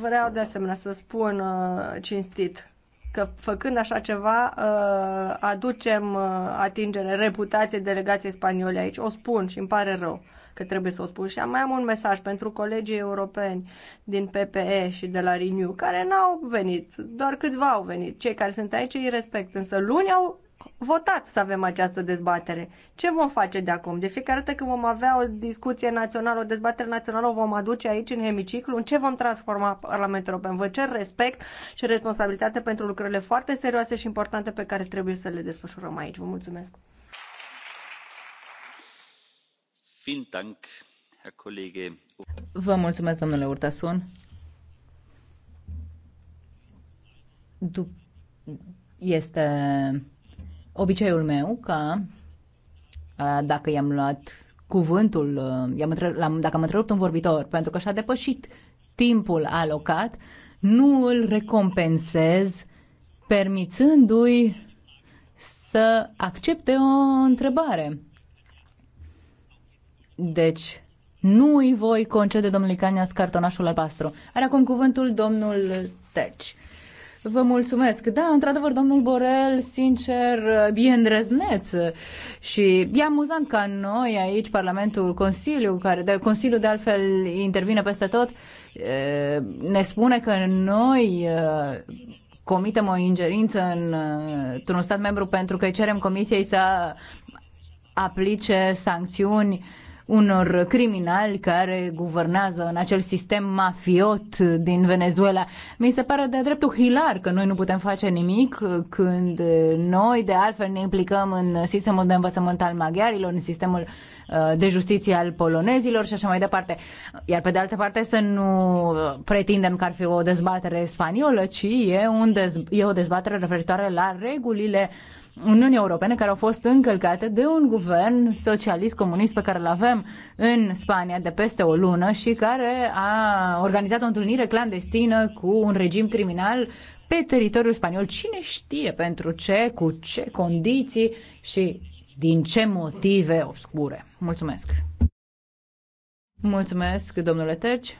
Vreau de asemenea să spun uh, cinstit că făcând așa ceva uh, aducem uh, atingere reputației delegației spaniole aici. O spun și îmi pare rău că trebuie să o spun. Și mai am un mesaj pentru colegii europeni din PPE și de la Renew, care n-au venit, doar câțiva au venit. Cei care sunt aici îi respect, însă luni au votat să avem această dezbatere. Ce vom face de acum? De fiecare dată când vom avea o discuție națională, o dezbatere națională, o vom aduce aici în hemiciclu, în ce vom transforma Parlamentul European? Vă cer respect și responsabilitate pentru lucrurile foarte serioase și importante pe care trebuie să le desfășurăm aici. Vă mulțumesc! Vă mulțumesc, domnule Urtasun. Este obiceiul meu că dacă i-am luat cuvântul, i-am -am, dacă am întrerupt un vorbitor pentru că și-a depășit timpul alocat, nu îl recompensez permițându-i să accepte o întrebare. Deci, nu îi voi concede domnului Canias cartonașul albastru. Are acum cuvântul domnul Terci. Vă mulțumesc. Da, într-adevăr, domnul Borel, sincer, e îndrăzneț și e amuzant ca noi aici, Parlamentul, Consiliu, care de, Consiliul de altfel intervine peste tot, ne spune că noi comitem o ingerință în, într-un stat membru pentru că cerem Comisiei să aplice sancțiuni unor criminali care guvernează în acel sistem mafiot din Venezuela. Mi se pare de dreptul hilar că noi nu putem face nimic când noi de altfel ne implicăm în sistemul de învățământ al maghiarilor, în sistemul uh, de justiție al polonezilor și așa mai departe. Iar pe de altă parte să nu uh, pretindem că ar fi o dezbatere spaniolă, ci e, un dez- e o dezbatere referitoare la regulile uh, Uniunii Europene care au fost încălcate de un guvern socialist-comunist pe care îl avem în Spania de peste o lună și care a organizat o întâlnire clandestină cu un regim criminal pe teritoriul spaniol. Cine știe pentru ce, cu ce condiții și din ce motive obscure. Mulțumesc! Mulțumesc, domnule Terci.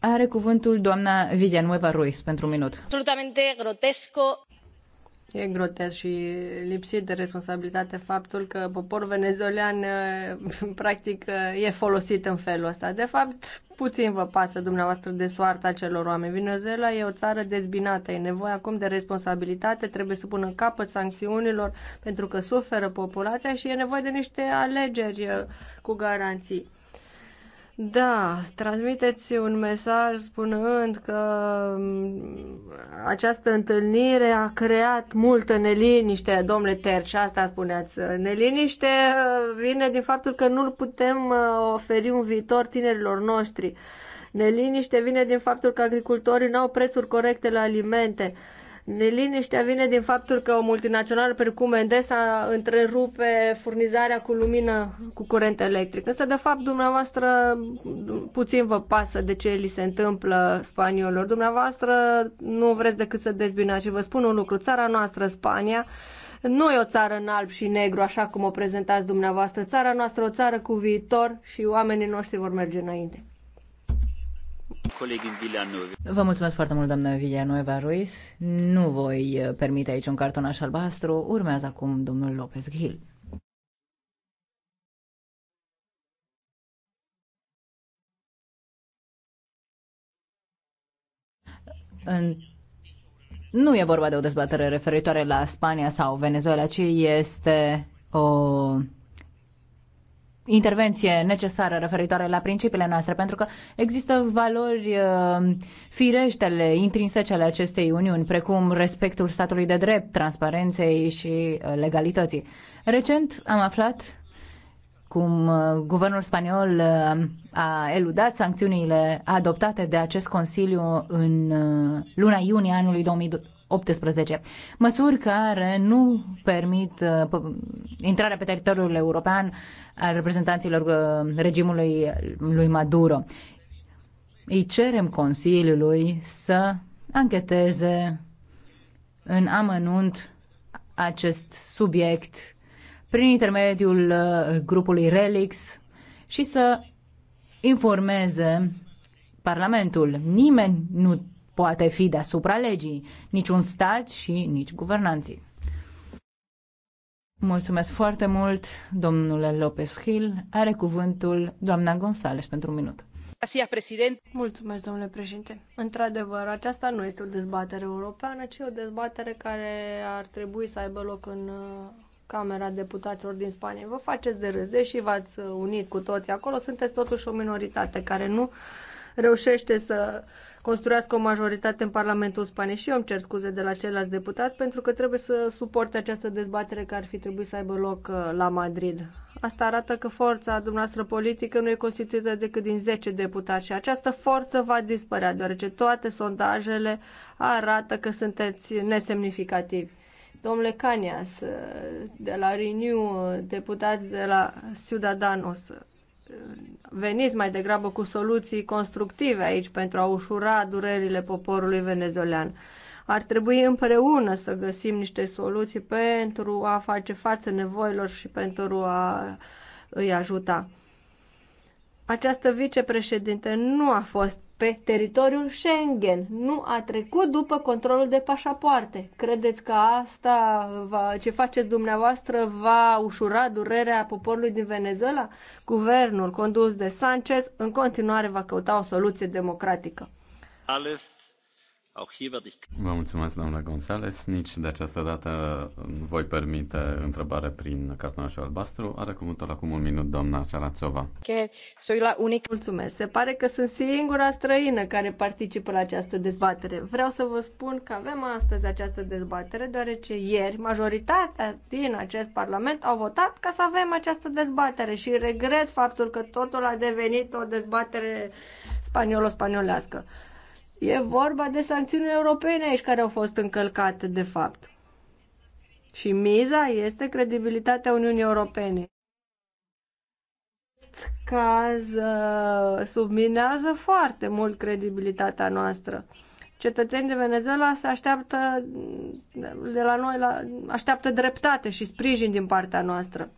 Are cuvântul doamna Villanueva Ruiz pentru un minut. Absolutamente grotesco. E grotesc și lipsit de responsabilitate faptul că poporul venezuelan practic e folosit în felul ăsta. De fapt, puțin vă pasă dumneavoastră de soarta celor oameni. Venezuela e o țară dezbinată, e nevoie acum de responsabilitate, trebuie să pună în capăt sancțiunilor pentru că suferă populația și e nevoie de niște alegeri cu garanții. Da, transmiteți un mesaj spunând că mm, această întâlnire a creat multă neliniște, domnule Terci, asta spuneați. Neliniște uh, vine din faptul că nu putem uh, oferi un viitor tinerilor noștri. Neliniște vine din faptul că agricultorii nu au prețuri corecte la alimente. Neliniștea vine din faptul că o multinațională precum Endesa întrerupe furnizarea cu lumină cu curent electric. Însă, de fapt, dumneavoastră puțin vă pasă de ce li se întâmplă spaniolilor. Dumneavoastră nu vreți decât să dezbinați. Și vă spun un lucru. Țara noastră, Spania, nu e o țară în alb și negru, așa cum o prezentați dumneavoastră. Țara noastră o țară cu viitor și oamenii noștri vor merge înainte. Vă mulțumesc foarte mult, doamna Villanueva Ruiz. Nu voi uh, permite aici un cartonaș albastru. Urmează acum domnul Lopez Gil. În... Nu e vorba de o dezbatere referitoare la Spania sau Venezuela, ci este o intervenție necesară referitoare la principiile noastre, pentru că există valori uh, fireștele, intrinsece ale acestei uniuni, precum respectul statului de drept, transparenței și uh, legalității. Recent am aflat cum uh, guvernul spaniol a eludat sancțiunile adoptate de acest Consiliu în luna iunie anului 2020. 18. Măsuri care nu permit uh, intrarea pe teritoriul european al reprezentanților uh, regimului lui Maduro. Îi cerem Consiliului să ancheteze în amănunt acest subiect prin intermediul uh, grupului Relix și să informeze Parlamentul. Nimeni nu poate fi deasupra legii, niciun stat și nici guvernanții. Mulțumesc foarte mult, domnule Lopez Gil. Are cuvântul doamna González pentru un minut. Mulțumesc, domnule președinte. Într-adevăr, aceasta nu este o dezbatere europeană, ci o dezbatere care ar trebui să aibă loc în uh, Camera Deputaților din Spania. Vă faceți de râs, deși v-ați uh, unit cu toți. acolo, sunteți totuși o minoritate care nu reușește să construiască o majoritate în Parlamentul Spaniei și eu îmi cer scuze de la ceilalți deputați pentru că trebuie să suporte această dezbatere care ar fi trebuit să aibă loc uh, la Madrid. Asta arată că forța dumneavoastră politică nu e constituită decât din 10 deputați și această forță va dispărea, deoarece toate sondajele arată că sunteți nesemnificativi. Domnule Canias, uh, de la Renew, uh, deputat de la Ciudadanos, veniți mai degrabă cu soluții constructive aici pentru a ușura durerile poporului venezolean. Ar trebui împreună să găsim niște soluții pentru a face față nevoilor și pentru a îi ajuta această vicepreședinte nu a fost pe teritoriul Schengen, nu a trecut după controlul de pașapoarte. Credeți că asta, va, ce faceți dumneavoastră, va ușura durerea poporului din Venezuela? Guvernul condus de Sanchez în continuare va căuta o soluție democratică. Alef. Vă mulțumesc, domnule González. Nici de această dată nu voi permite întrebare prin cartonașul albastru. Are cuvântul acum un minut, doamna Cearațova. Că Soi la unic. Mulțumesc. Se pare că sunt singura străină care participă la această dezbatere. Vreau să vă spun că avem astăzi această dezbatere, deoarece ieri majoritatea din acest parlament au votat ca să avem această dezbatere și regret faptul că totul a devenit o dezbatere spaniolo-spaniolească. E vorba de sancțiuni europene aici care au fost încălcate, de fapt. Și miza este credibilitatea Uniunii Europene. Acest caz uh, subminează foarte mult credibilitatea noastră. Cetățenii de Venezuela se așteaptă de la noi, la, așteaptă dreptate și sprijin din partea noastră.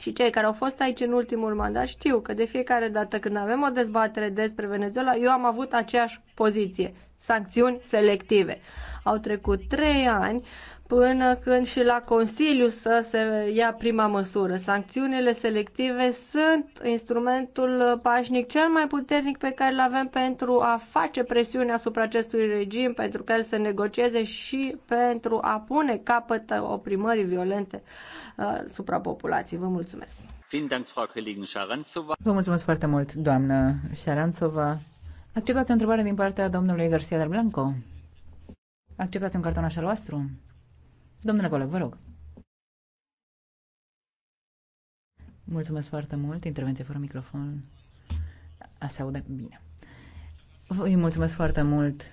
Și cei care au fost aici în ultimul mandat știu că de fiecare dată când avem o dezbatere despre Venezuela, eu am avut aceeași poziție. Sancțiuni selective. Au trecut trei ani până când și la Consiliu să se ia prima măsură. Sancțiunile selective sunt instrumentul pașnic cel mai puternic pe care îl avem pentru a face presiune asupra acestui regim, pentru că el să negocieze și pentru a pune capăt oprimării violente uh, asupra populației. Vă mulțumesc! Vă mulțumesc foarte mult, doamnă Șaranțova. Acceptați o întrebare din partea domnului Garcia del Blanco. Acceptați un cartonaș vostru? Domnule coleg, vă rog. Mulțumesc foarte mult. Intervenție fără microfon. A se aude bine. Îi mulțumesc foarte mult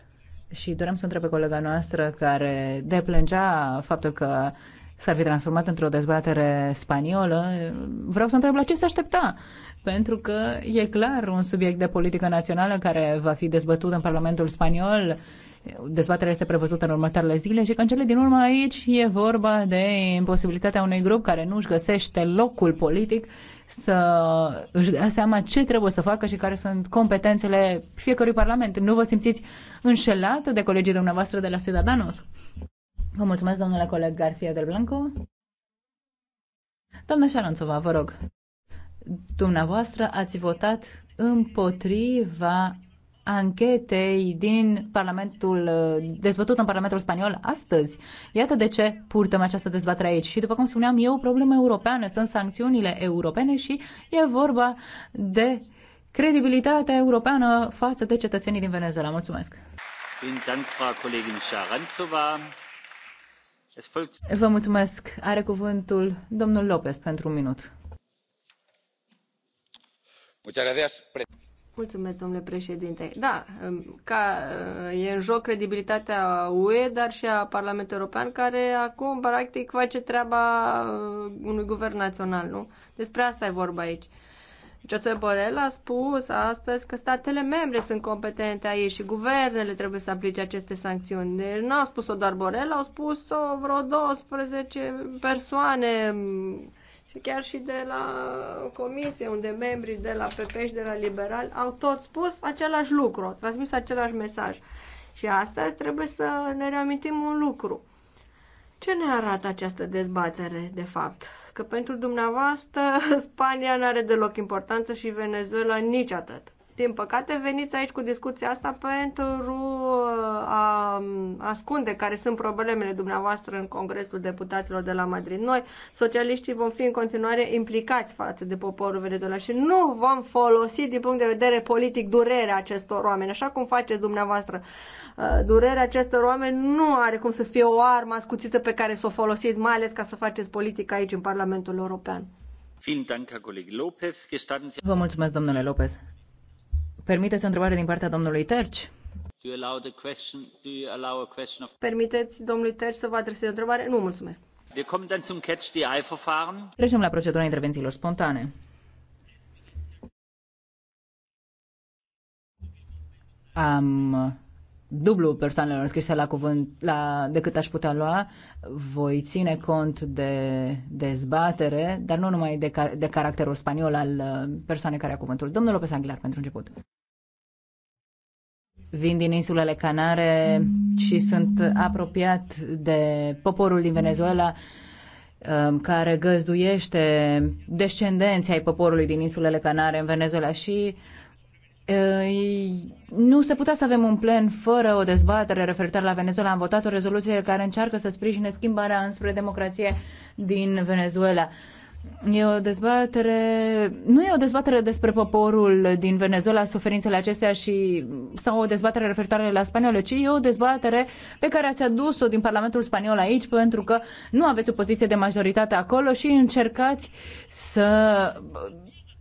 și doream să întreb pe colega noastră care deplângea faptul că s-ar fi transformat într-o dezbatere spaniolă. Vreau să întreb la ce se aștepta, pentru că e clar un subiect de politică națională care va fi dezbătut în Parlamentul spaniol Dezbaterea este prevăzută în următoarele zile și că în cele din urmă aici e vorba de imposibilitatea unui grup care nu își găsește locul politic să își dea seama ce trebuie să facă și care sunt competențele fiecărui parlament. Nu vă simțiți înșelat de colegii dumneavoastră de la Ciudadanos? Vă mulțumesc, domnule coleg García del Blanco. Doamna Șaranțova, vă rog, dumneavoastră ați votat împotriva anchetei din Parlamentul, dezbătut în Parlamentul Spaniol astăzi. Iată de ce purtăm această dezbatere aici. Și după cum spuneam, e o problemă europeană, sunt sancțiunile europene și e vorba de credibilitatea europeană față de cetățenii din Venezuela. Mulțumesc! Vă mulțumesc. Are cuvântul domnul Lopez pentru un minut. Mulțumesc, domnule președinte. Da, um, ca, uh, e în joc credibilitatea UE, dar și a Parlamentului European, care acum, practic, face treaba uh, unui guvern național, nu? Despre asta e vorba aici. Josep Borel a spus astăzi că statele membre sunt competente aici și guvernele trebuie să aplice aceste sancțiuni. Deci nu a spus-o doar Borel, au spus-o vreo 12 persoane și chiar și de la comisie, unde membrii de la PP și de la Liberal au tot spus același lucru, au transmis același mesaj. Și astăzi trebuie să ne reamintim un lucru. Ce ne arată această dezbatere, de fapt? Că pentru dumneavoastră Spania nu are deloc importanță și Venezuela nici atât. Din păcate, veniți aici cu discuția asta pentru uh, a ascunde care sunt problemele dumneavoastră în Congresul Deputaților de la Madrid. Noi, socialiștii, vom fi în continuare implicați față de poporul Venezuela și nu vom folosi din punct de vedere politic durerea acestor oameni, așa cum faceți dumneavoastră. Uh, durerea acestor oameni nu are cum să fie o armă ascuțită pe care să o folosiți, mai ales ca să faceți politică aici, în Parlamentul European. Vă mulțumesc, domnule Lopez. Permiteți o întrebare din partea domnului Terci? Permiteți domnului Terci să vă adreseze o întrebare? Nu, mulțumesc. Trecem la procedura intervențiilor spontane. Am uh, dublu persoanelor înscrise la cuvânt la, decât aș putea lua, voi ține cont de dezbatere, dar nu numai de, car- de caracterul spaniol al uh, persoanei care a cuvântul. Domnul Lopez Aguilar, pentru început vin din insulele Canare și sunt apropiat de poporul din Venezuela um, care găzduiește descendenții ai poporului din insulele Canare în Venezuela și uh, nu se putea să avem un plen fără o dezbatere referitoare la Venezuela. Am votat o rezoluție care încearcă să sprijine schimbarea înspre democrație din Venezuela. E o dezbatere, nu e o dezbatere despre poporul din Venezuela, suferințele acestea și sau o dezbatere referitoare la spaniole, ci e o dezbatere pe care ați adus-o din Parlamentul spaniol aici pentru că nu aveți o poziție de majoritate acolo și încercați să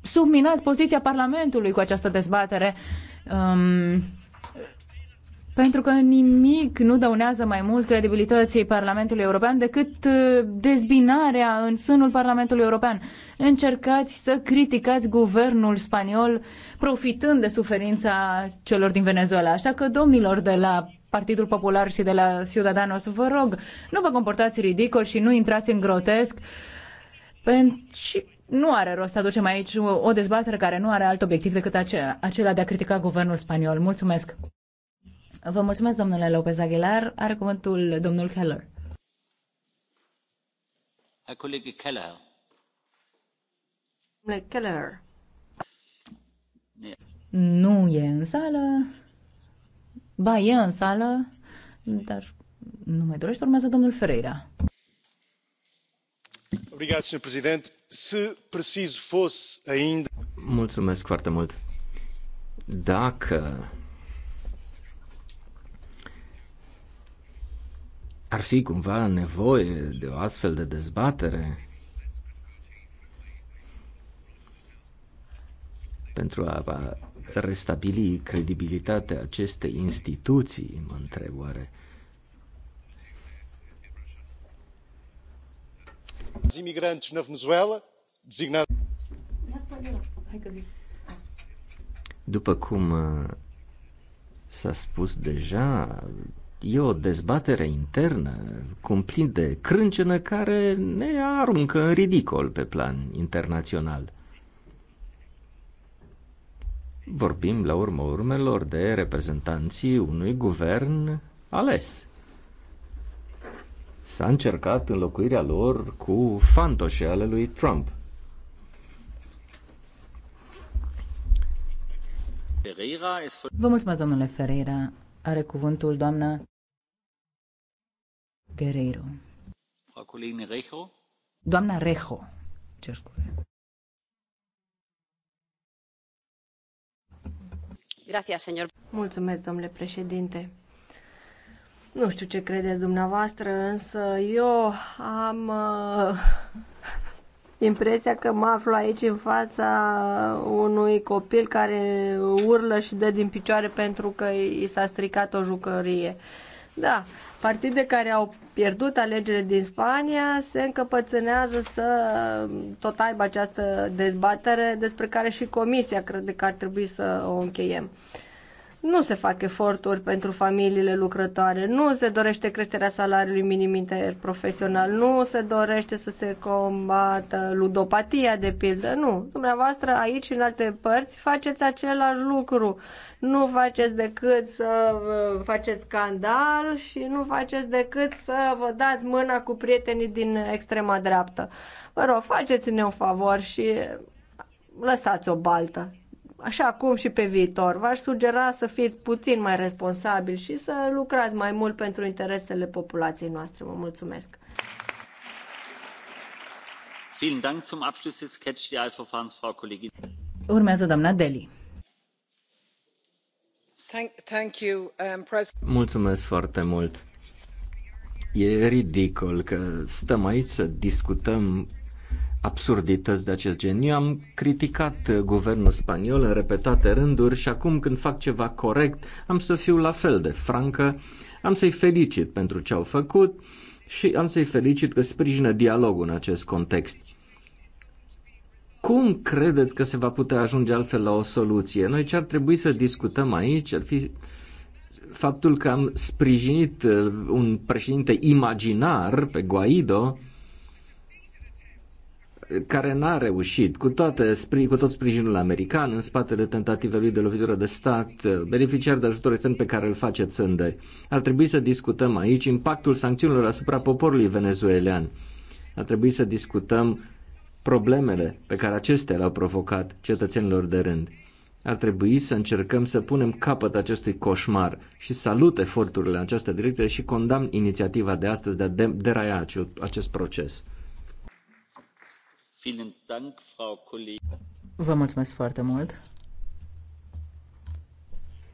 subminați poziția Parlamentului cu această dezbatere. Um, pentru că nimic nu dăunează mai mult credibilității Parlamentului European decât uh, dezbinarea în sânul Parlamentului European. Încercați să criticați guvernul spaniol profitând de suferința celor din Venezuela. Așa că, domnilor de la Partidul Popular și de la Ciudadanos, vă rog, nu vă comportați ridicol și nu intrați în grotesc. Pentru nu are rost să aducem aici o dezbatere care nu are alt obiectiv decât acela de a critica guvernul spaniol. Mulțumesc! Vă mulțumesc, domnule Lopez Aguilar. Are cuvântul domnul Keller. colegul Keller. Domnule Keller. Nu e în sală. Ba, e în sală, dar nu mai dorește, urmează domnul Ferreira. Obrigado, Sr. Presidente. Se preciso fosse ainda. Mulțumesc foarte mult. Dacă Ar fi cumva nevoie de o astfel de dezbatere? Pentru a restabili credibilitatea acestei instituții, mă întreb oare. imigranți na Venezuela, designat... După cum uh, s-a spus deja, e o dezbatere internă, cumplit de crâncenă, care ne aruncă în ridicol pe plan internațional. Vorbim la urmă urmelor de reprezentanții unui guvern ales. S-a încercat înlocuirea lor cu fantoșe ale lui Trump. Vă mulțumesc, domnule Ferreira. Are cuvântul doamna Guerreiro. Doamna Rejo, cer scuze. Gracias, señor. Mulțumesc, domnule președinte. Nu știu ce credeți dumneavoastră, însă eu am uh, impresia că mă aflu aici în fața unui copil care urlă și dă din picioare pentru că i s-a stricat o jucărie. Da, partide care au pierdut alegerile din Spania se încăpățânează să tot aibă această dezbatere despre care și Comisia crede că ar trebui să o încheiem. Uh, nu se fac eforturi pentru familiile lucrătoare, nu se dorește creșterea salariului minim interprofesional, nu se dorește să se combată ludopatia, de pildă, nu. Dumneavoastră aici și în alte părți faceți același lucru. Nu faceți decât să faceți scandal și nu faceți decât să vă dați mâna cu prietenii din extrema dreaptă. Vă rog, faceți-ne un favor și lăsați o baltă așa acum și pe viitor. V-aș sugera să fiți puțin mai responsabili și să lucrați mai mult pentru interesele populației noastre. Vă mulțumesc! Urmează doamna Deli. Um, mulțumesc foarte mult. E ridicol că stăm aici să discutăm absurdități de acest gen. Eu am criticat guvernul spaniol în repetate rânduri și acum când fac ceva corect am să fiu la fel de francă, am să-i felicit pentru ce au făcut și am să-i felicit că sprijină dialogul în acest context. Cum credeți că se va putea ajunge altfel la o soluție? Noi ce ar trebui să discutăm aici ar fi faptul că am sprijinit uh, un președinte imaginar pe Guaido care n-a reușit, cu, toate, cu tot sprijinul american în spatele tentativei lui de lovitură de stat, beneficiar de ajutor extern pe care îl face țândări. Ar trebui să discutăm aici impactul sancțiunilor asupra poporului venezuelan. Ar trebui să discutăm problemele pe care acestea le-au provocat cetățenilor de rând. Ar trebui să încercăm să punem capăt acestui coșmar și salut eforturile în această direcție și condamn inițiativa de astăzi de a deraia acest proces. Vă mulțumesc foarte mult.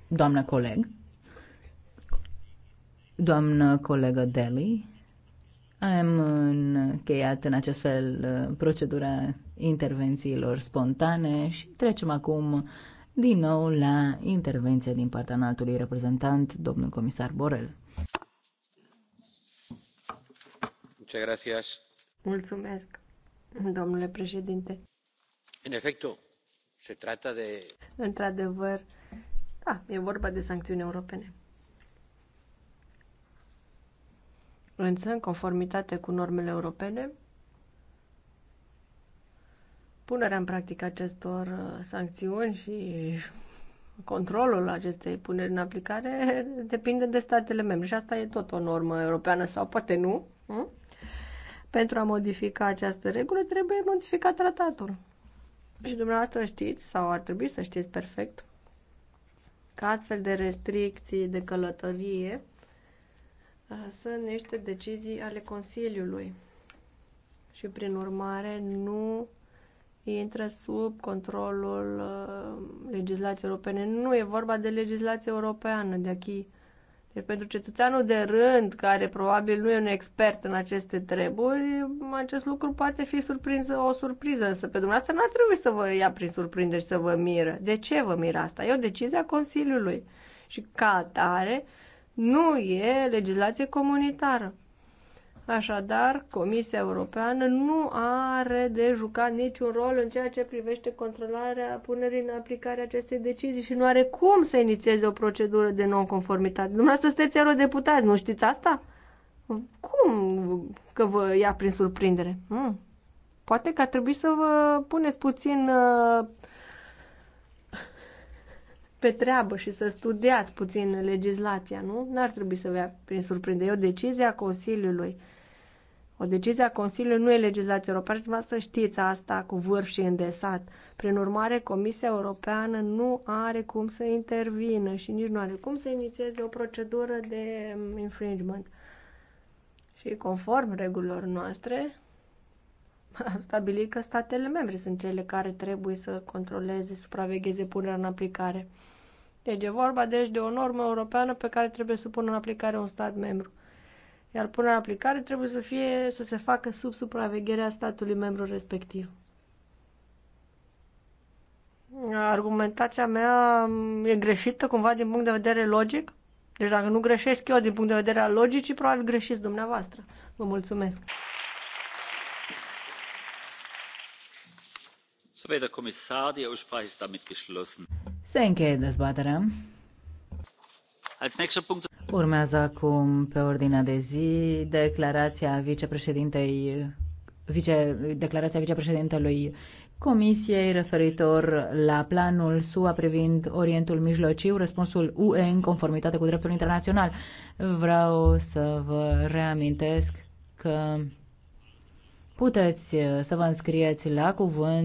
Doamnă coleg, doamnă colegă Deli, am încheiat în acest fel uh, procedura intervențiilor spontane și trecem acum din nou la intervenția din partea înaltului reprezentant, domnul comisar Borel. Mulțumesc domnule președinte. În efectul, se trata de... Într-adevăr, da, e vorba de sancțiuni europene. Însă, în conformitate cu normele europene, punerea în practică acestor uh, sancțiuni și controlul acestei puneri în aplicare depinde de statele membre și asta e tot o normă europeană sau poate nu. Pentru a modifica această regulă trebuie modificat tratatul. Și dumneavoastră știți, sau ar trebui să știți perfect, că astfel de restricții de călătorie uh, sunt niște decizii ale Consiliului și, prin urmare, nu intră sub controlul uh, legislației europene. Nu e vorba de legislație europeană, de aici. Deci pentru cetățeanul de rând, care probabil nu e un expert în aceste treburi, acest lucru poate fi surprins o surpriză, însă pe dumneavoastră n-ar trebui să vă ia prin surprindere și să vă miră. De ce vă miră asta? E o decizie a Consiliului și ca atare nu e legislație comunitară. Așadar, Comisia Europeană nu are de jucat niciun rol în ceea ce privește controlarea punerii în aplicare acestei decizii și nu are cum să inițieze o procedură de nonconformitate. Dumneavoastră sunteți eurodeputați, nu știți asta? Cum că vă ia prin surprindere? Hmm. Poate că ar trebui să vă puneți puțin uh, pe treabă și să studiați puțin legislația, nu? N-ar trebui să vă ia prin surprindere. E o decizie a Consiliului. O decizie a Consiliului nu e legislație europeană și dumneavoastră știți asta cu vârf și îndesat. Prin urmare, Comisia Europeană nu are cum să intervină și nici nu are cum să inițieze o procedură de infringement. Și conform regulilor noastre, am stabilit că statele membre sunt cele care trebuie să controleze, supravegheze punerea în aplicare. Deci e vorba deci de o normă europeană pe care trebuie să pună în aplicare un stat membru iar punerea în aplicare trebuie să, fie, să se facă sub supravegherea statului membru respectiv. Argumentația mea e greșită cumva din punct de vedere logic? Deci dacă nu greșesc eu din punct de vedere al logicii, probabil greșiți dumneavoastră. Vă mulțumesc. Se încheie dezbaterea. Urmează acum pe ordinea de zi declarația vicepreședintei vice, declarația vicepreședintelui Comisiei referitor la planul SUA privind Orientul Mijlociu, răspunsul UE în conformitate cu dreptul internațional. Vreau să vă reamintesc că puteți să vă înscrieți la cuvânt